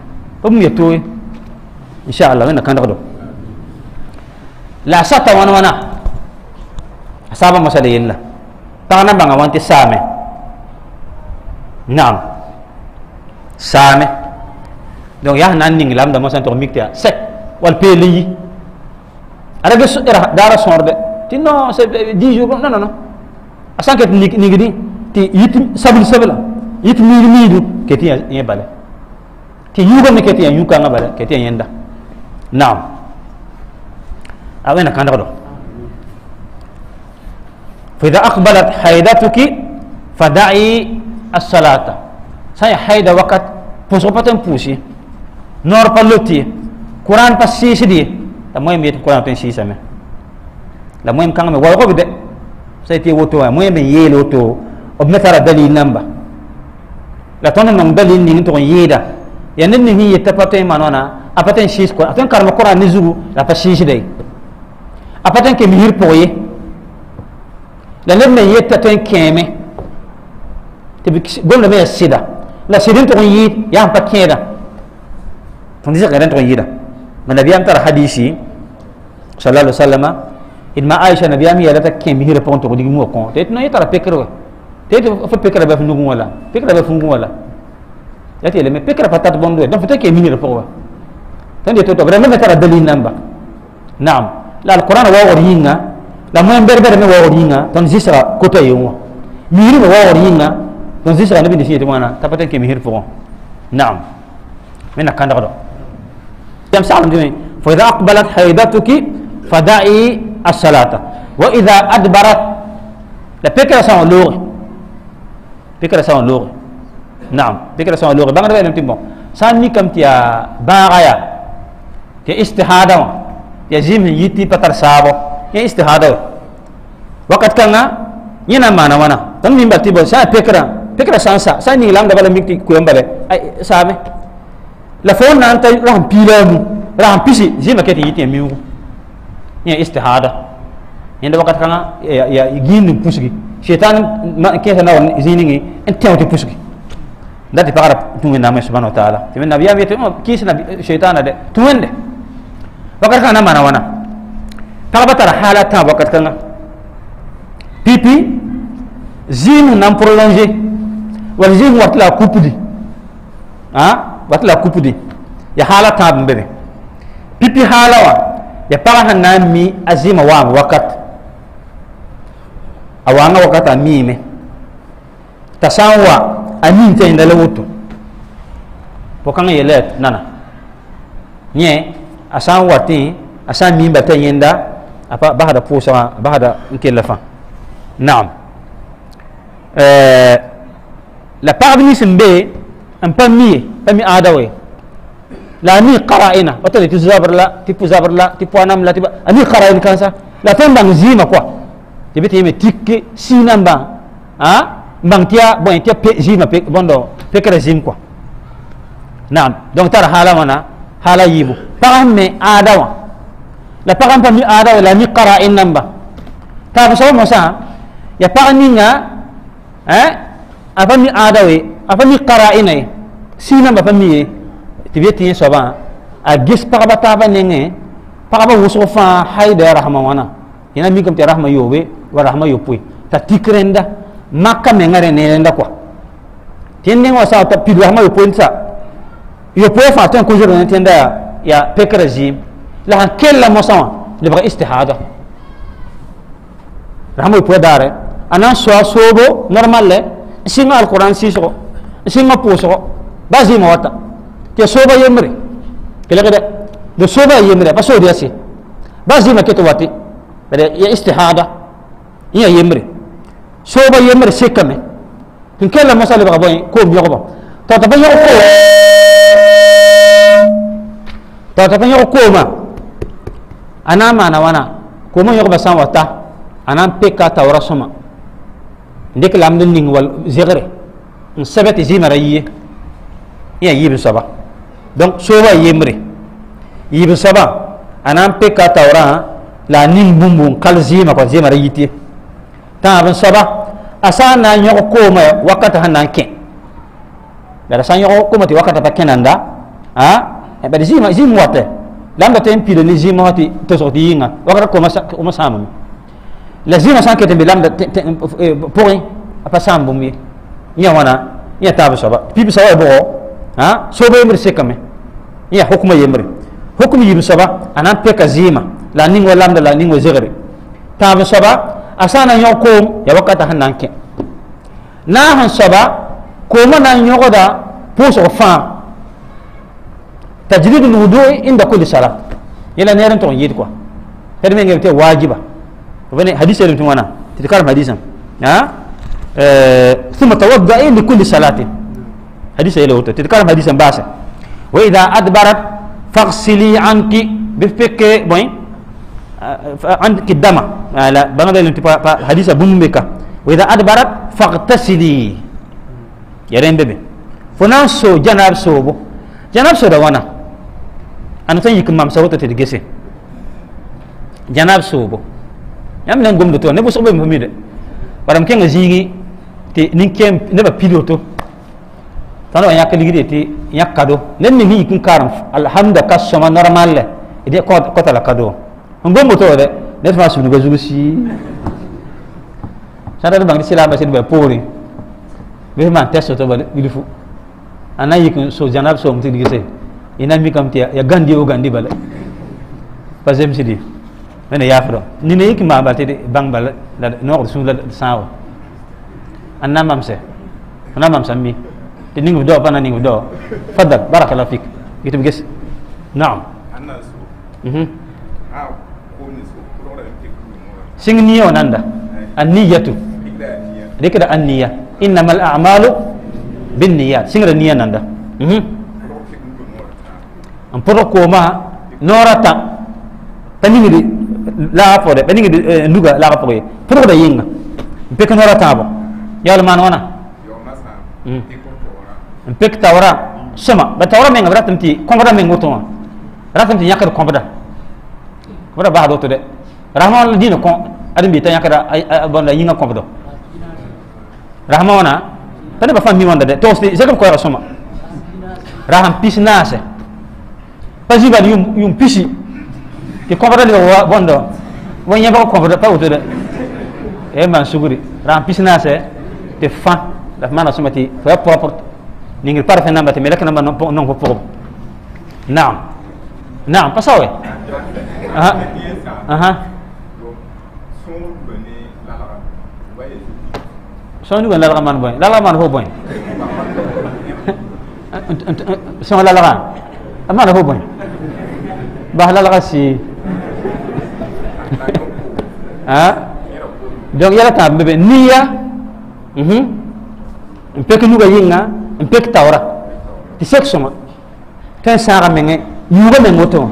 b m yeto insha allah wẽnna kãndgdo la a sata wãn wãna a saaba masala yella tag na bãnga wãn tɩ saame naam saame donc yaa na n ning lamda mosã tɩg mik tɩ yaa sɛ wall peele yi ada be daara sõorde tɩ non c'est dix jours non non non a sã n ket ning ningdi tɩ yit sabl sabla yit miir miidu ket yẽ bale ti yuga me ketiya yuka nga bare ketiya yenda naam awena kanda do fa idha aqbalat haidatuki fada'i as-salata saya haida wakat pusu paten pusi nor paloti quran pas sisi di ta moy mi quran pas sisi me la moy kanga me wal ko de sai ti woto moy me yelo to ob metara dalil namba la tonen nang dalil ni to yeda يعني نهي يتبتين مانونا أبتين شيش كون أبتين كرم كورا نزوغو لابا شيش دي أبتين كي مهير بوي لنبنا يتبتين كيمي تبي قمنا بيا السيدة لا سيدين تقول ييد يا أمبا كيدا تنزيق غيرين تقول ييدا من نبي أمتر حديثي صلى الله عليه وسلم إنما عائشة نبي أمي يلتا كيم مهير بوان تقول يمو كون تيتنا يترى بكر تيتنا فو بكر بفنوغو ولا بكر بفنوغو ولا yati ele me pekra patat bondo donc take minir pour wa tan de toto vraiment tara dalil namba naam la alquran wa wa yinga la mo ember ber me wa wa yinga tan jisra kota yonwa miri wa wa yinga tan jisra nabi ni siyete mana tapatan ke mihir pour naam mena kanda do jam salam dimi fa idha aqbalat haidatuki fada'i as-salata wa idha adbarat la pekra sa lori pekra sa na'am déclaration lore bangata ɓe nemti bon san ni kam tiya baxaya tiya istihada o tiya jim hen yitti patar saabo ye istihada o wakat kanga ñena mana wana tan min balti bon sa pekra pekra san sa sa ni lam dabala mikti kuyam bale ay saame la fo nanta ram pilamu ram pisi jima kete yitti miwu ye istihada ñenda wakat kanga ya gindi pusgi shaitan kesa nawa ziningi da ti pakara tunge na mai subhanahu wa ta'ala timen nabi ya biete kis na shaytana de tuwende wakar kana mana wana talabatar halata wakat kana pipi zinu nan prolonger wal zinu watla kupudi ha watla kupudi ya halata mbere pipi halawa ya pakara na mi azima wa wakat awanga wakata mime tasanwa anin ta inda lawutu pokan yelet nana nye asan wati asan min bata yenda apa bahada pusa bahada nkelafa naam euh la parmi simbe en pamier pami adawe la ni qara'ina batali tu zabrla tipu zabrla tipu anamla tipu ani qara'in kansa la tambang zima kwa tibiti me tikke sinamba ha bang tiya bon tiya pe jima pe do pe kere jim quoi naam donc tar hala wana hala yibu param me adawa la param pam adawa la ni qara in namba ta ba so mo sa ya param ni nga eh apa mi we, apa mi qara ay si namba pam mi e? tibeti so ba a gis paraba ta ba nenge paraba wuso fa hayda rahma wana ina mi kam ti rahma yobe wa rahma yopui ta tikrenda makka me ngare ne nda kwa tinde wa sa ta pidu ma yopoin sa yopoe fa tan ko jero ne tinda ya pekra ji la han kella mosa ne ba istihada rahmo yopoe dare eh. ana so sobo normal le eh. singa alquran si so singa poso bazi ma wata ke soba yemre kele kede do soba yemre ba so dia si bazi ma keto wati ya istihada iya yemre soba yemr sikame n kella masala bga bõe koom yõgba t'a t'a pa yõg kooma t'a t'a pa yõg kooma a na n maana wãna kooma yõgba sã n wa ta a na n peka a taoora sõma n dɩk lamd n ning wall zegre n sɛbɛ tɩ zɩɩmã ra yie n yaa yiib soaba donc soba yembre yiib soaba a na n peka a taoorã la a ning bũmbu n kal zɩɩmã pa zɩɩmã ra yit ye tãab n soaba a sã n na n yõg kooma wakat sẽn na n kẽ la sã n yõg kooma tɩ wakat pa kẽnanda bad zĩm zĩm watɛ lam da n pila ne zĩmã tɩ tosg tɩ yĩnga wakat kooma sãamame la zĩmã sã n ket n be lamda pʋgẽ a pa sãam bũmb ye yẽ wãna yẽ tãab soaba pibsa wa bʋgo sooba yembr sekame yẽ hukma yembre hukm yib soaba a na n peka zɩɩma la a ning wa lamda la a ning wa zegre tãab soaba asana yõ koom ya wakata sẽn na n kẽ na sẽn soaba koomã na n yõgda pʋʋsg fãa tajrid lwudu inda kulli salat yẽla neer n tog n yɩɩd koa tɩd meng tɩ waajiba bne hadisa rem tɩ wãna tɩ d karem hadisã ثم توضئ لكل صلاة حديث إلى وتر تذكر حديثا باسا وإذا أدبرت فاغسلي عنك بفك بوين عند كدما آه، لا بنا ده نتبع حديث أبو مبكا وإذا أدبرت فاغتسلي يا رين بيبي فناسو جناب سوبو جناب سو دوانا أنا تاني كم مام سوتو تدقيسي جناب سوبو يا من عندكم دكتور نبص أبو مبمي ده برام كين غزيني تي نكيم نبى بيدو تو tãd wa yãk تي tɩ yãk kado ned ning كارم الحمد لله karem alhamda ka sõma normal le d kota ngom moto de ne fa sunu bezu si sara de bangi sila basin be pori be tes testo to bale bilifu anak yik so janab so mungkin digise ina mi kam tiya ya gandi o gandi bale pasem sidi mana ya ni ne yik ma balik, di bang bale la no sunu la sawo anna mamse anna mamse mi te udah apa pana ningu do fadal barakallahu fik gitu gis na'am anna su mhm sing niyo nanda an anniyatu an anniya innamal a'malu bin niyyat sing ra niya nanda mhm am poro ko ma norata taningi di la apore taningi di nuga eh, la apore poro da yinga be ko norata bo yalla man wana mhm pe tawra sama ba tawra men ngabra tamti kongda me ngoto ratam ti yakar ko kongda ba do to de Rahman wala dina kon adin bi tanya kada bonda yinga kon do rahma wana tane ba fam mi wanda de to se se ko rasoma raham pisnase pasi ba yum yum pisi ke kon do wa bonda wonya ba kon da pa wote de e man suguri raham pisnase te fa da mana somati fa propre ningir parfait namba te melaka namba non ko pour naam naam pasawe aha aha sonu gon lalaka man boy lalaka man fo boy soñ lalaka man fo boy bah lalaka si ha ah? donc yala ta bebe niya mhm mpek nuga yinga ah. mpek tawra ti sek soma ah. tan saga menge yuga mengoto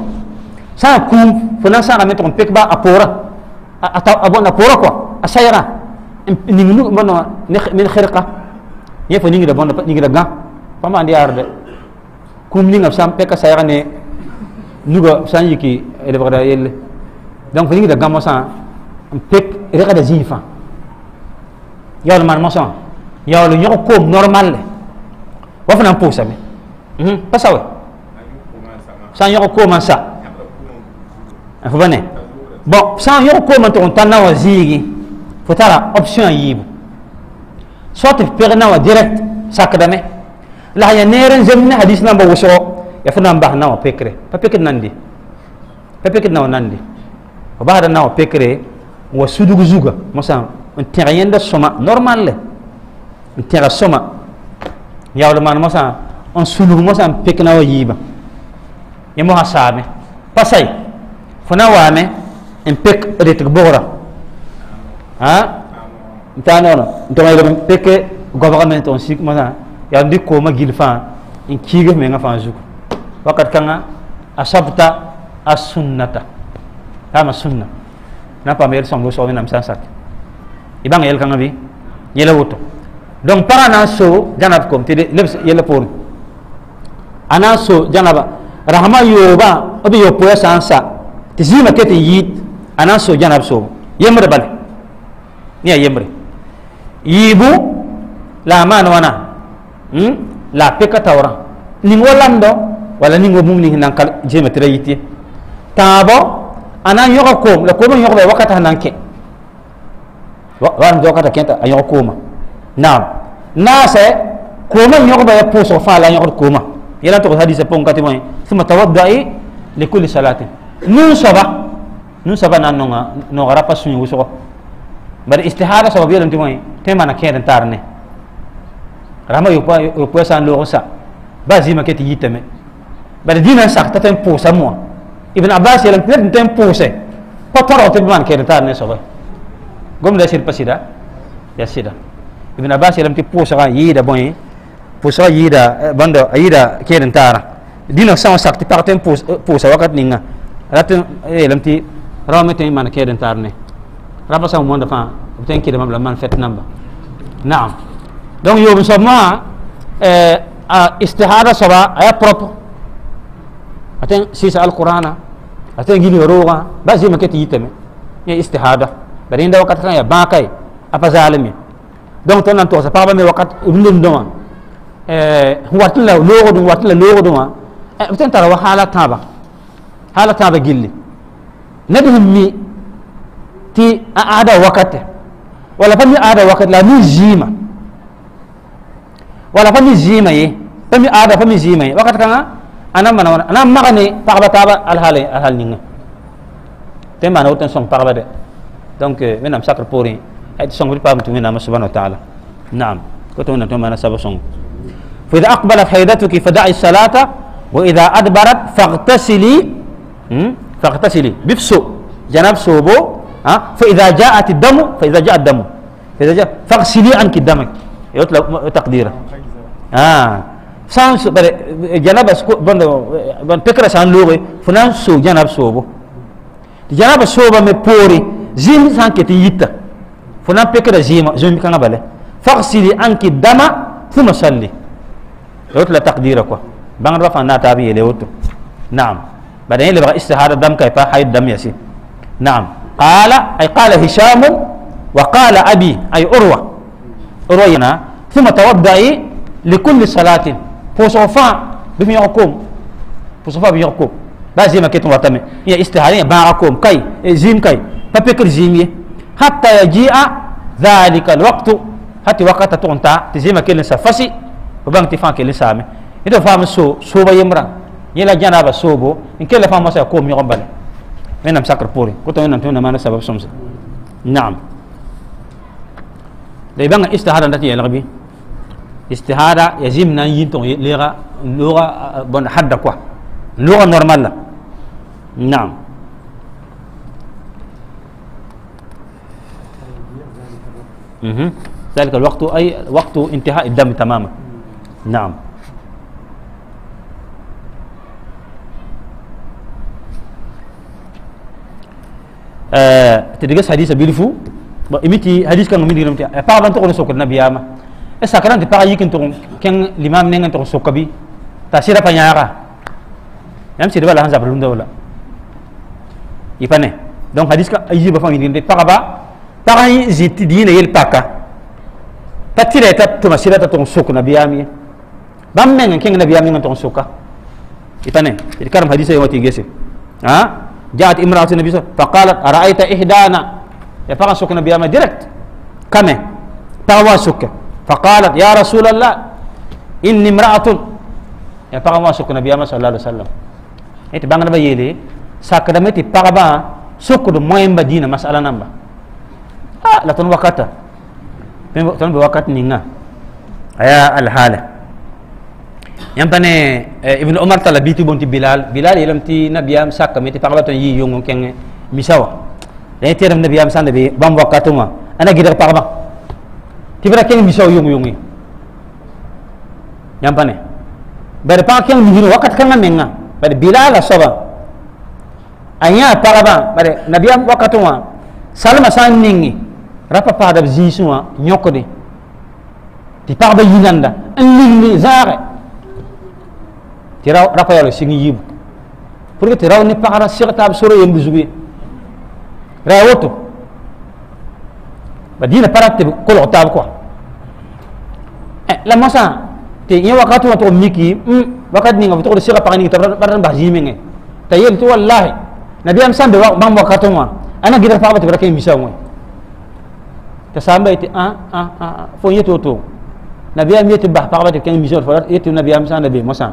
sa kum fona saga meton pek ba apora ta abona pora quoi asayra ning nu bono min khirqa ye fo ning da bono ning da ga pama andi arde kum ning ab sam peka sayane nuga san yiki ele bagada yelle donc fo ning da gamo sa pek reka da zifa yawal man mosan yawal nyoko ko normal le wa fana pousa me hmm pasawe san yoko ko man sa fo bane bon san yoko ko man to tan فترى اوبشن ييب صوت في بيغنا وديريكت ساكدامي لا يا نيرن زمنا حديث نمبر وشو يا فنا مباه ناو بيكري بابيكد ناندي بابيكد ناو ناندي وبعد ناو بيكري وسودوغ زوغا مثلا انت rien de soma normal انت soma يا ولما مثلا ان سولو مثلا بيكنا وييبا يا مو حسابي باساي فنا وامي ان بيك ريتك بورا ha ntane ona ntoma yelo peke gobaka men sik mana ya ndi ko ma gilfa in kige men ngafa zuko wakat kanga asabta as-sunnata kama sunna na pa mer songo so nam san sak ibang yel kanga bi yela woto donc para na so janab kom tede lebs yela por ana so janaba rahma yoba obi yopo sansa tizima kete yit ana so janab so yemre bal ni ayemre ibu la man wana hmm? la peka tawra ningo do wala ning mum ning nan kal jema tirayiti tabo ana yoko ko la ko non yoga wakata nan ke wan do kata kenta ayo ko ma nam na se ko non yoga ya poso fa la yoko ko ma yela to hadise pon kati moy suma tawaddai li kulli salati nun saba nun saba nan no nga no rapa suni wusoko bare istihara so biyo tumai te mana tarne rama yo pa yo pa san lo sa bazi ma keti yiteme bare dina sax ta tem pou sa mo ibn abbas yalan tem tem pou se pa taro te man tarne so ba gom la sir pasida ya sida ibn abbas yalan ti pou sa yida boy pou sa yida bando yida ken tarne dina sa sax ti par tem pou sa wakat ninga ratin yalan ti rama te man tarne ربا سام موندا فا بتين كده مبلغ مان فت نمبر نعم دونك يوم سما استهادة سبا ايا بروبو اتين سيس القرآن اتين جيني روغا بس ما كتي يتمي يا استهادة بعدين ده وقت كان يا باكاي apa zalimi donc ton nan to sa paba me wakat ulun do ma eh wartin la logo dum wartin la logo dum eh tan tara wa hala taba hala taba gilli nabi mi ki aada wakate wala fami aada wakate la mi jima wala fami jima ye fami aada fami jima ye wakati kanga anam mana wana anam magane pagba taba alhale alhal ninga te mana utan song pagba de donc menam sakr pori ay song bi pam tu menam subhanahu wa ta'ala na'am ko to to mana sabo song fa idha aqbalat haydatuki fada'i salata wa idha adbarat faghtasili faghtasili bifsu janab sobo ها فاذا جاءت الدم فاذا جاء الدم فاذا جاء فاغسلي عنك دمك تقديره آه. ها سان جناب بن تكر سان لوغي فنان سو جناب سوبو جناب سوبو مي بوري زيم سان كتي يتا فنان بكر زيم زيم كان بالي فاغسلي عنك دم ثم صلي يوت لا تقديره كو بان رفع ناتابي يلي نعم بعدين اللي بغى استهاره دم كيفا حي الدم يا نعم قال أي قال هشام وقال أبي أي أروى أروينا ثم توضعي لكل صلاة فوسوفا بميوكم فوسوفا بميوكم لازم كتم وتم هي استهانية باركم كي زيم كي فبكر زيمي حتى يجيء ذلك الوقت حتى وقت تونتا تزيم كل سفسي وبان تفان كل سامي إذا فهم سو سو بيمرا يلا جنابة سوبو إن كلا فهم مسا يقوم يقبل أنا مسكر بوري قلت هنا تونا ما نسبب سمسة نعم لي بان استهاده نتي يلغبي استهاده يزيم نان ينتو لغة لغه بون حد كوا لغه نورمال نعم ذلك الوقت اي وقت انتهاء الدم تماما نعم تدرس حديث بيلفو إمتي حديث كان مميد يوم تي أبا بنت كون سوكر نبي أما السكران تبقى يمكن تون كان الإمام نين تون سوكبي تأثير أبا يارا يام سيدوا لهان زبرون دولا Ipane, donc hadis ka ayi ba famin ngende paraba parayi ziti dina yel paka patire ta to masira ta ton sok na biyami bam men ken kan, kan na biyami ngon kan ton soka itane it karam hadisa yawati gese ha جاءت امرأة النبي فقالت أرأيت إحدانا يفقى سكن بياما ديركت كما تغوى سكة فقالت يا رسول الله إني امرأة يفقى سكن بياما صلى الله عليه وسلم إنت بانغنا بيلي ساكدمتي بقبا سكد مهم بدينا مسألة نمبر آه لا تنوكتا تنوكتا نينا يا الحالة yang yampane eh, ibnu umar tala biti bonti bilal bilal yelam ti nabiyam sakam ti parlaton yi yongo kenge misawa dan ti nabiyam sande bi bam wakatuma ana gidar pagba ti bra misaw misawa yongo yang yampane bare pa kenge mi wakat kanga menga bare bilal asaba anya paraba bare nabiyam wakatuma salma san ningi rapa dab zisuwa nyokodi ti parba yinanda an lingni zare raw rafa singi yib pour que raw ni pakara sura ab sura yem bizubi ba dina badina parate ko lo tab quoi eh, la masa te yi wakati wa to miki hmm wakati ni ngato ko sikta pakani ba jimi nge menge tayel to wallahi nabi am sambe ba mo wakati ma ana gida fa ba rakay misa mo ta sambe te a ah, a ah, a ah, fo yeto to nabi am yete bah pakara te kan misa fo yeto nabi am sa nabi masa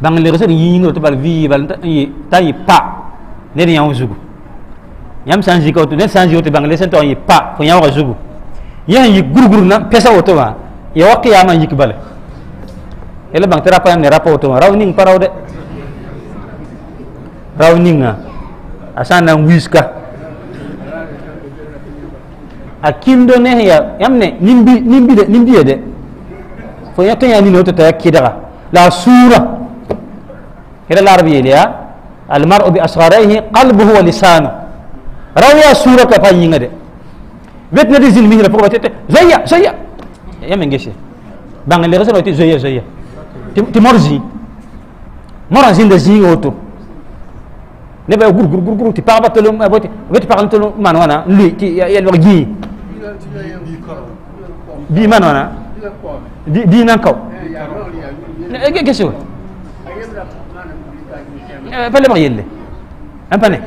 le sẽd yĩngr ngoto bal bal t'a tayi pa ne yawo zugu yam san n to woto ned sã to bang le sen to yi pa yɩ pa fo zugu yẽ yi gurgur na pesa woto wa ya wa qiyaamã n yik Bang yela bãng tɩ rapa yãmb ne rapa woto wã rao ning pa de raw rao a ah. sã n na n wiiska a ah, kĩndo ne sẽn ya yãmb ne nimbiya fo yã tõe yã nina t'a ya la sura. هذا العربية ليا المرء بأسراره قلبه ولسانه روى سورة كفاين ده بيت ندي زين مين رفوق بتت زيا زيا يا من جيشه بان اللي غسل وتي زيا زيا تمرزي مرزي ده زين وتو نبا غور غور غور غور تي بابا تلوم ابوتي بيت بابا تلوم مان وانا لي تي يا الوجي دي مان وانا دي دي نانكو كيسو pale am ampane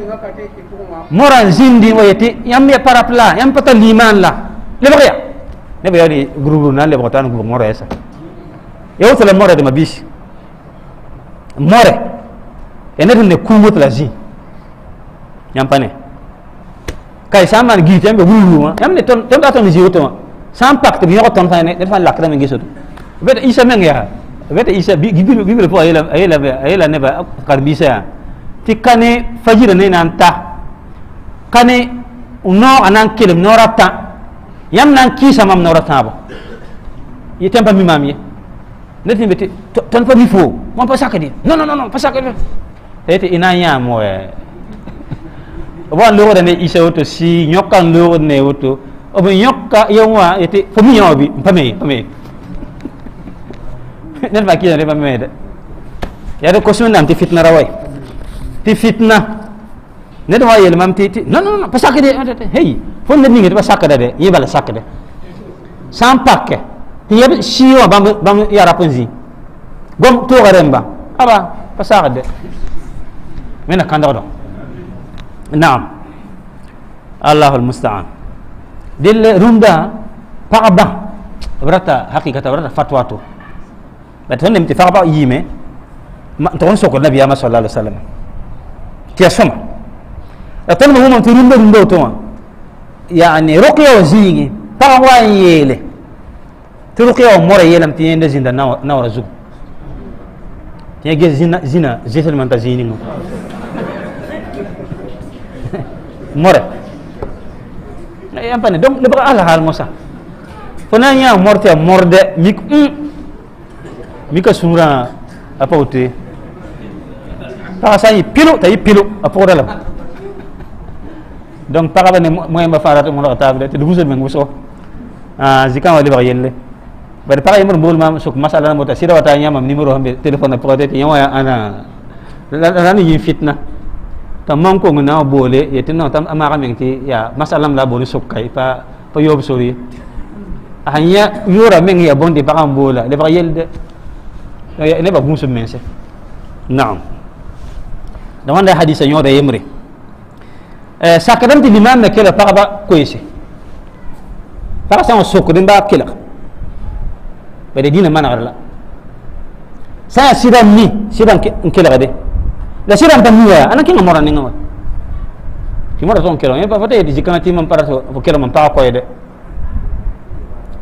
mora zindi wayete yam eh, ya parapla yam pata liman la le bagya ne bagya di guru na le bagatan guru mora esa Ya tala mora de mabish mora, ene ne kungo tala zi yam pane kai saman gi be wuru ma yam ne ton ton daton zi oto ma sam te bi ko ton ne de fa me gi gisoto bet isa me ya gata isa bi gibir gitu gibir gitu fo ayela ayela ayela ne ba karbisa ti kane fajira ne nan ta kane no anan kelim no ratta yam nan kisa mam no ratta ba yetem ba mi mam ye ne tin beti ton fa mi fo mon pa sakadi non non non pa sakadi tete ina ya mo e bon lo ne isa woto si nyokan lo ne woto obon nyokka yewa ete fo mi yobi ya, pame pame nen fa kiyan reba mede ya de kosun nam ti fitna rawai ti fitna ne da wayel mam ti non non pa sakade hey fon ne ningi ba sakade de yi bala sakade san pakke ti yeb shiwa bam bam yara ponzi gom to garemba aba pa sakade mena kanda do na'am allah al musta'an dil rumda pa ba brata hakikata brata fatwa to ba ton nem ti fa ba yime to on sokol nabi ma sallallahu alaihi wasallam ti asoma la ton mo mo to rumbe rumbe to yani ruqya wa zingi pa wa yele to ruqya wa mora yele mti yende zinda na na wa zug ti ge zina zina zesel man ta zini ngo mora yampane donc le bra ala hal mosa fona nya morte morde mik mika sura apa uti ta sa pilu ta yi pilu apo dalam donc paraba ne moy ma farat mo ta tab te dugusul men mengusoh. ah zikan wali ba yelle bar para yemur bol ma sok masala mo ta sira wata nyama numero hambe telephone pro te yawa ana lan yi fitna ta man ko ngna bole yete ya, tam amara ti ya masalam la bole sok kai pa pa yob sori hanya yura men ya bonde bola le ba ne ba musun mense na'am da wanda hadisa yo da yimre eh sakadan ti liman na kela fa ba koyse para sa sokko din ba kela ba de dina mana arla sa sidan ni sidan kela de la sidan tan ni ana kin amora ni ngawa ti mora ton kela ba fata yedi jikana ti man para so kela man pa koyde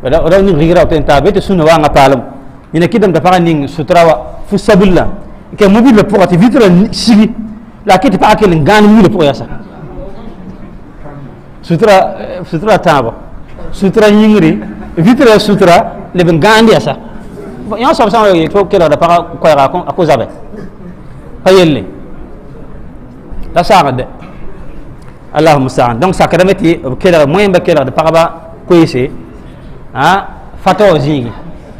ba da ni rigira ten ta be te sunna wa ngapalam mina kidam da paga ning suturawa fu sabulla ke mobile le pogati vitre sigi la kiti paga ke ngan mi le poya sa sutura sutura taba sutura yingri vitre sutura le ben gandi asa yan so sa yo to ke da paga ko ya ko ko zabe payelle la sa de allahumma sa'an donc sa kadameti ke da moyen ba ke da paga ba ko yese ha fato zingi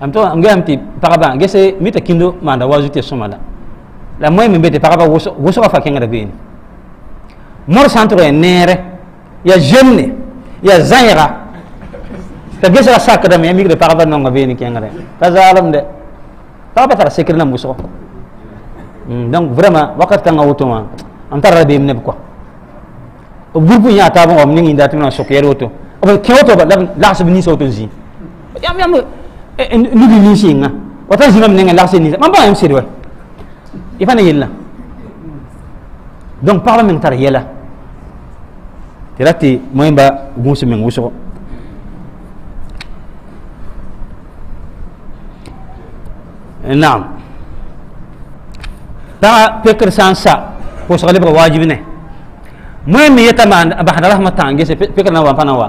am to am gam ti paraba gese mita kindo manda wazite somala la moy mi bete paraba woso woso fa kenga bini mor santro ya nere ya jemne ya zaira ta gese la sak de mi de paraba non ga bini kenga re ta zalam de tara sekre na muso mm, donc vraiment wakat kanga wotoma antara be ne ko burbu nya ta bon om ningi ndatima sokero ya to o ke woto ba la la sabni zi yam yam ni bi ni singa wata singa mne ngal lasi ni ma ba am sir wa ifana yilla donc parlement tar yela tirati moy ba gusu men wuso naam ta pekr san sa ko so le wajib ne moy mi yetama ba rahmatan gese pekr na wa pana wa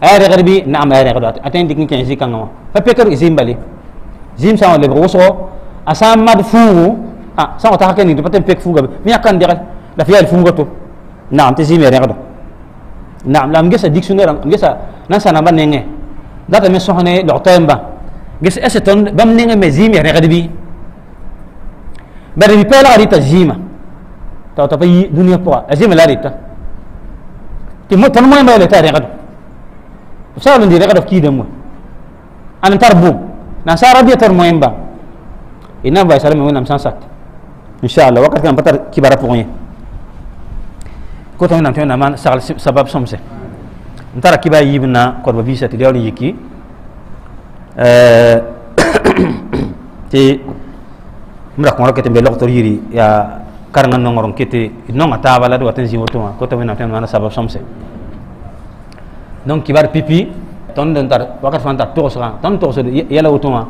ayre garbi na am ayre garbi atin dikin ken zi kanwa fa pekar zimbali zim sa le broso asam mad fu ah sa ta hakken ni patem pek fu gabe mi akan dira da fi al fu goto am te zim zimere gardo nam lam gesa dictionnaire am gesa na sa na banenge da ta me sohne do temba ges eseton bam nenge me zim zimere garbi bare bi pela rita zima ta ta pa dunia po azim la rita ti mo tan mo le ta re gardo Sabe onde regra aqui da an tarbu. Na sara dia tar moemba. Ina ba sala mo nam sansat. Inshallah wakat kan patar kibara pokonya. Ko tamen nam na man sal sabab somse. Ntara kiba yibna ko ba visa ti dawli yiki. Eh, ti mura ko rokete be loktor yiri ya karna nongorong kete nonga tabala do watin zimoto ko tamen nam tamen man sabab somse donc kibar pipi ton don tar wakat fan tar toxo la ton toxo yela wutuma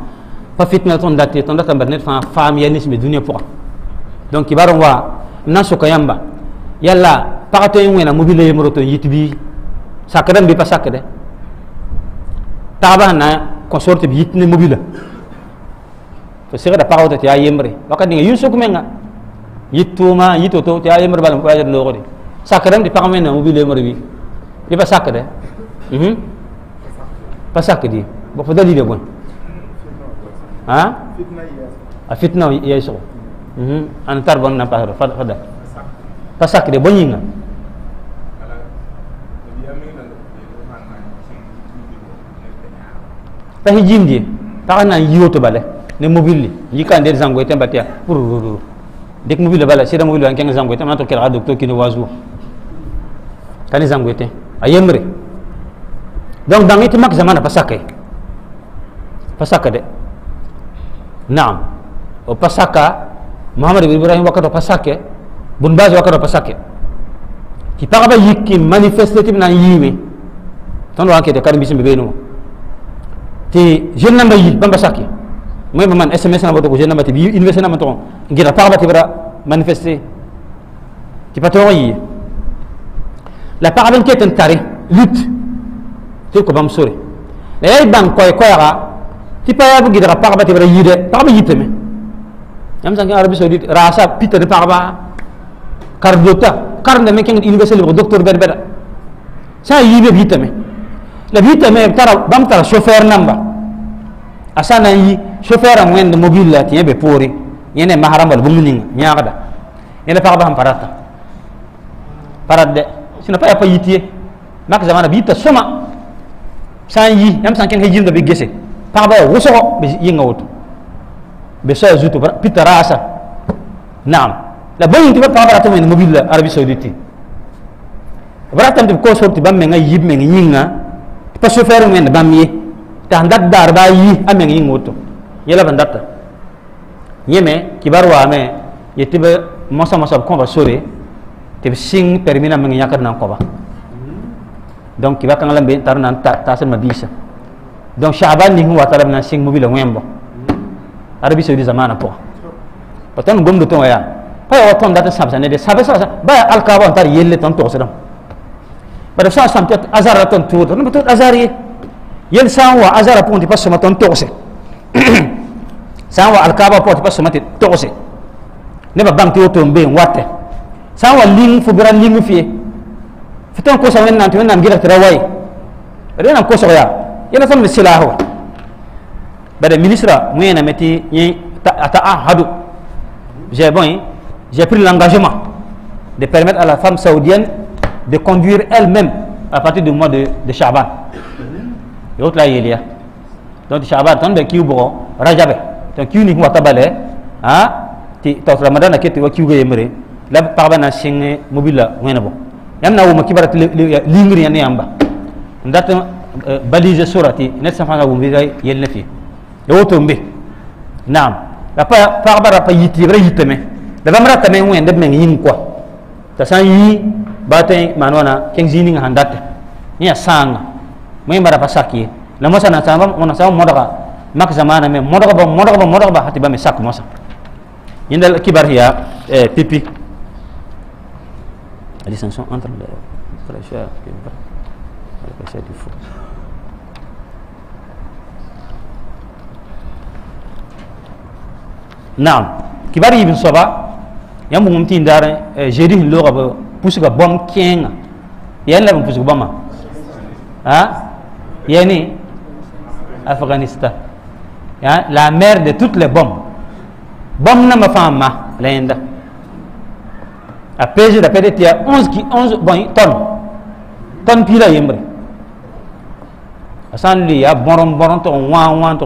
fa fitna ton datti ton data net fa fam ya nismi dunya pour donc kibar wa nasu kayamba yalla pakato wena y'a mobile y'a yemuro to yitbi sakadam bi pasakade taba na konsorti bi yitne y'a mobile to sira da pakato ya yemre wakat ni yusuk menga yituma yitoto ya yemre balam ko ya no gori sakadam di pakamena mobile yemuro bi bi pasakade hmm? pasak di ba fa dia pun. ha fitna ya fitna ya so hmm antar tar bon na pahar fa fa dia de bonyinga pa hijim di taxa yoto bale ne mobile yi kan der zango tem pour dek mobile bala sira mobile an ken zango tem na to kera doktor kini wazu kan zango ayemre donc dans itu mak zamana apa pasaka de naam o oh, pasaka muhammad ibn ibrahim wakato pasake bun baz wakato pasake ki pagaba yikki manifesté tim nan yime ton wa ke de karim bisim be ti jeune namba yi bamba saki moy man sms namba to ko jeune namba ti université namba to ngira pagaba ti bra manifester ti yi la pagaba ke tan tari lutte ti ko bam sore la yai ban ko ya ra ti pa bu gidra pa ba ti bra yide pa ba me yam sang arabi saudi rasa pita de pa ba kardota karnde me kengi universel selo docteur ber beda sa yibe me la me tara bam tara chauffeur namba asana yi chauffeur am wende mobile la tiye be pori yene maharam bal bumuning da yene pa ba ham parata parade sino pa ya pa yitie mak zamana bita soma san yi yam san ken hijil da bi gese paɣaba ya wusuɣu bi yiŋa wutu bi so zutu pita raasa naam la bo yinti ba paɣaba rata mɛni mobil la arabi sauditi ba rata mɛni ko sori ti ban mɛŋa yib mɛŋa yiŋa pa sofɛri mɛni ban ye ta dat dar ba yi a mɛŋa yiŋa wutu ban data yeme kibar waa mɛ yɛ ti ba mɔsa ba sore ti sing siŋ pɛrimi na mɛŋa yãkiri na donc ba kãng la n be tar na n taasdmã donc shaban ning wa tara b na n sɩng mobila wẽmbo ada bi saudi zamaanã pʋgã pa tõnd gomd tõe wã yaa pa yaa wa tõnd dat n sãbsa nede sãb sãsa ba yaa alkaaba n tar yelle tõnd togsdame bara b sã n sãm tɩ azara ra tõnd tʋʋda tõnd pa tʋʋd azar ye yel sã n wa azara pʋgẽ tɩ pa sõma tõnd togse sã n wa alkaaba pʋgã tɩ pa sõma tɩ togse nebã bãng tɩ woto n be n sã wa ling fo bɩ ling fɩ fitan kosa wẽnnaam tɩ wẽnnaam gɩlg tɩ ra wae d wẽnnaam kosg yaa yɛla sõmd sɩlaas wa bada ministra wẽename tɩ yẽ a ah, j'ai bon j'ai pris l'engagement de permettre à la femme saoudienne de conduire elle-même à partir du mois de, de et autre là, il y a. Donc, Shaban, tu de qui est bon, Rajabe. Tu as qui Hein? Tu as Ramadan qui est qui est Là, par rapport à mobile là, où na wuma kibarat lingri yani yamba ndata eh, balise surati net safana wumbi gay yelna fi yawoto mbe nam, la pa par bara pa yiti bara yitame da bamra tame wen da men yin kwa ta san yi bate manwana ken zini nga handate ni asanga ya mai bara pasaki la mosa na samba mona samba modaga mak zamana me modaga ba modaga ba modaga ba hatiba me sak mosa yinda kibar ya eh, pipi la distinction entre les fraîcheur et les vrai, eh, la fraîcheur du faux. Non, qui va arriver ce soir, il y a un moment où j'ai dit que l'Europe pousse la bombe qui est. Il y a un lèvre pousse la bombe. Il y a un Afghanistan. La mère de toutes les bombes. Bombe n'a pas fait un mal, l'Inde. a pêche da pêche tia 11 ki 11 bon ton ton pila yembre asan li ya boron boron to wa wa to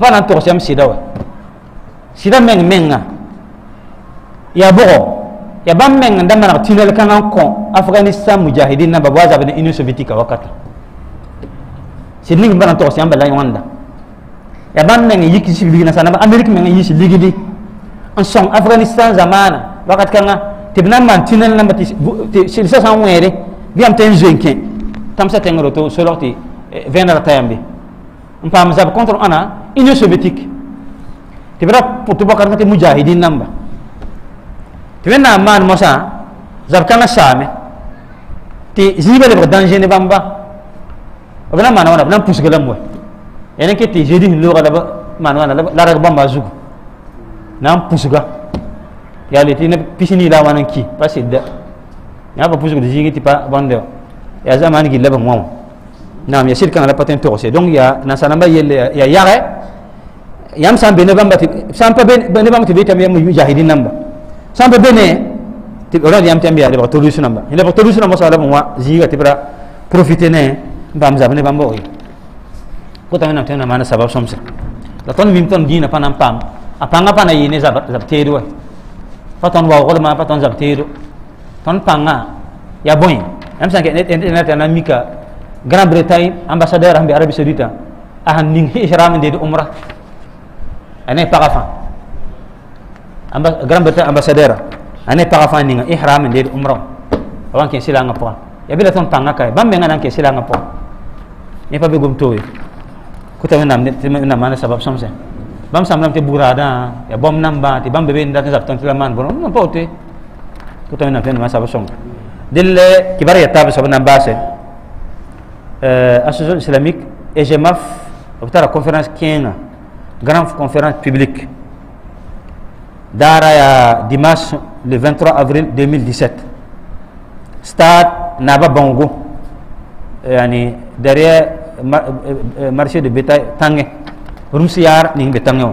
pa na to sem sida wa sida meng na ya bo ya bam meng nda mana le kan ko afghanistan mujahidin na babwaza bin inu sovietika si sidning bana to sem bala wanda ya bam meng yiki sibigina sana amerika meng yisi ligidi en song afghanistan zamana Bakat kanga tibna man tinel na mati silsa sasa were biam ten tam sa tengro to soroti eh, venera tayambi mpam zab contre ana union soviétique tibra bakar tuba karmati mujahidin namba tibna man mosa zab kanga same ti zibe le danger ne bamba bana mana wana bana pusgala mwe ene ke ti jedi lo gala ba mana wana la bamba zugo nam pusgala ti na pisini la wanan ki pasi da ya ba pusu de jigi pa bande ya zaman gi laban mom nam ya kan la paten to se donc ya na sanamba yele ya yare yam sambe ne bamba ti sampe ben ne bamba ti bitam mu mujahidin namba pa bene ti ora yam tambi ya ba tolusu namba ya ba tolusu namba sala wa jiga bra profiter ne bam zabne bambo yi ko tan na tan na mana sabab somse la ton mim ton na panam pam apanga pana yine zab zab fatan wa gol ma fatan zaktiro ton panga ya boy am sanke net internet na mika grand bretagne ambassadeur ambi arabie saoudite ah ning ihram de umrah ane parafa amba grand bretagne ambassadeur ane parafa ning ihram de umrah wan ke silanga po ya bila ton panga kay bam menga nan ke silanga po ne pa be gum toy ko tamen nam ne mana sabab somse bam samlam te burada ya bom namba te bam bebe ndat zap tan filaman bon non pa ote ko tan na tan ma sabo song dille eh, kibar ya tab sabo namba se euh association islamique et jemaf obtara conférence kenga grande conférence publique dara ya dimanche le 23 avril 2017 stade naba bongo yani derrière eh, eh, marché de bétail tangé rũms yaar ning be tãngẽ wã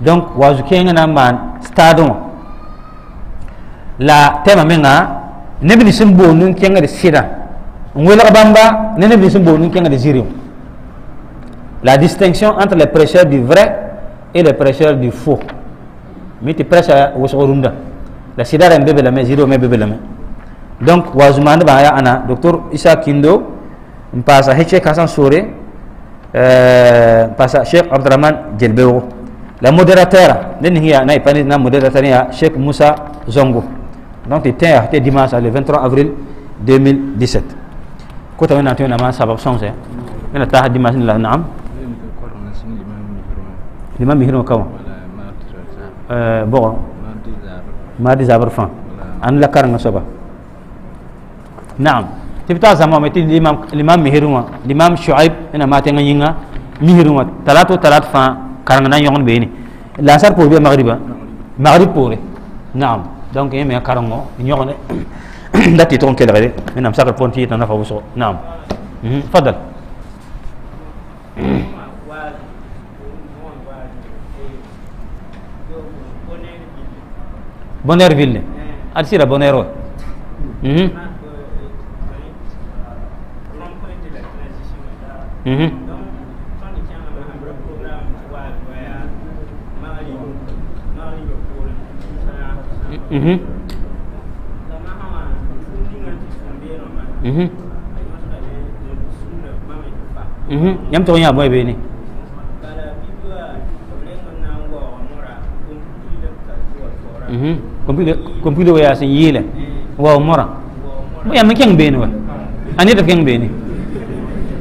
donc waazu-kẽengã na n maan staadẽ wã la tɛmã menga neb nins n boond n kẽngd sɩdã n welg bãmba ne neb nins n boond n kẽngd zirẽ wã la distinction entre les prêcheurs du vrai et les prêcheurs du faux mi tɩ prêcha wʋsg rũndã la sɩda rẽ bebe lame zɩrẽ me bebe lame donc waazu maandbã yaa ana docteur isa kindo n paasa hk kãsã soore pasa Sheikh Abdurrahman Jelbewo la modérateur den hiya na ipani na modérateur ya Sheikh Moussa Zongo donc il était à dimanche le 23 avril 2017 kota wana tuna ma sabab sonse ina ta dimanche la naam l'imam mihirno kawa euh bon ma dizabar fan an la karanga soba naam تبتا زما متي الإمام الإمام مهرما الإمام شعيب أنا ما تينا ينا مهرما ثلاثة ثلاثه فان كارنا يون بيني لا سار بور بي مغربا مغرب بور نعم دونك يم كارنو يون داتي تون كده غير انا مسكر بون في تنفع وسو نعم تفضل بونير فيل أرسل بونيرو Mm-hmm. Mm-hmm. Mm-hmm. Mm-hmm. Nhắm tôi nhà bởi vì này. Mm-hmm. Computer computer ya à, sin yile. Wa mora. Ya mi keng beni wa. Ani ta keng beni.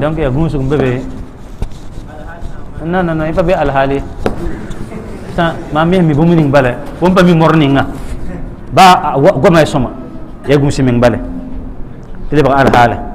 donc ya gunsu mbebe na na na ifabe alhali ta ma mi mi bumu ning bale won pa mi morni nga ba goma soma ya gunsu min bale tele ba alhala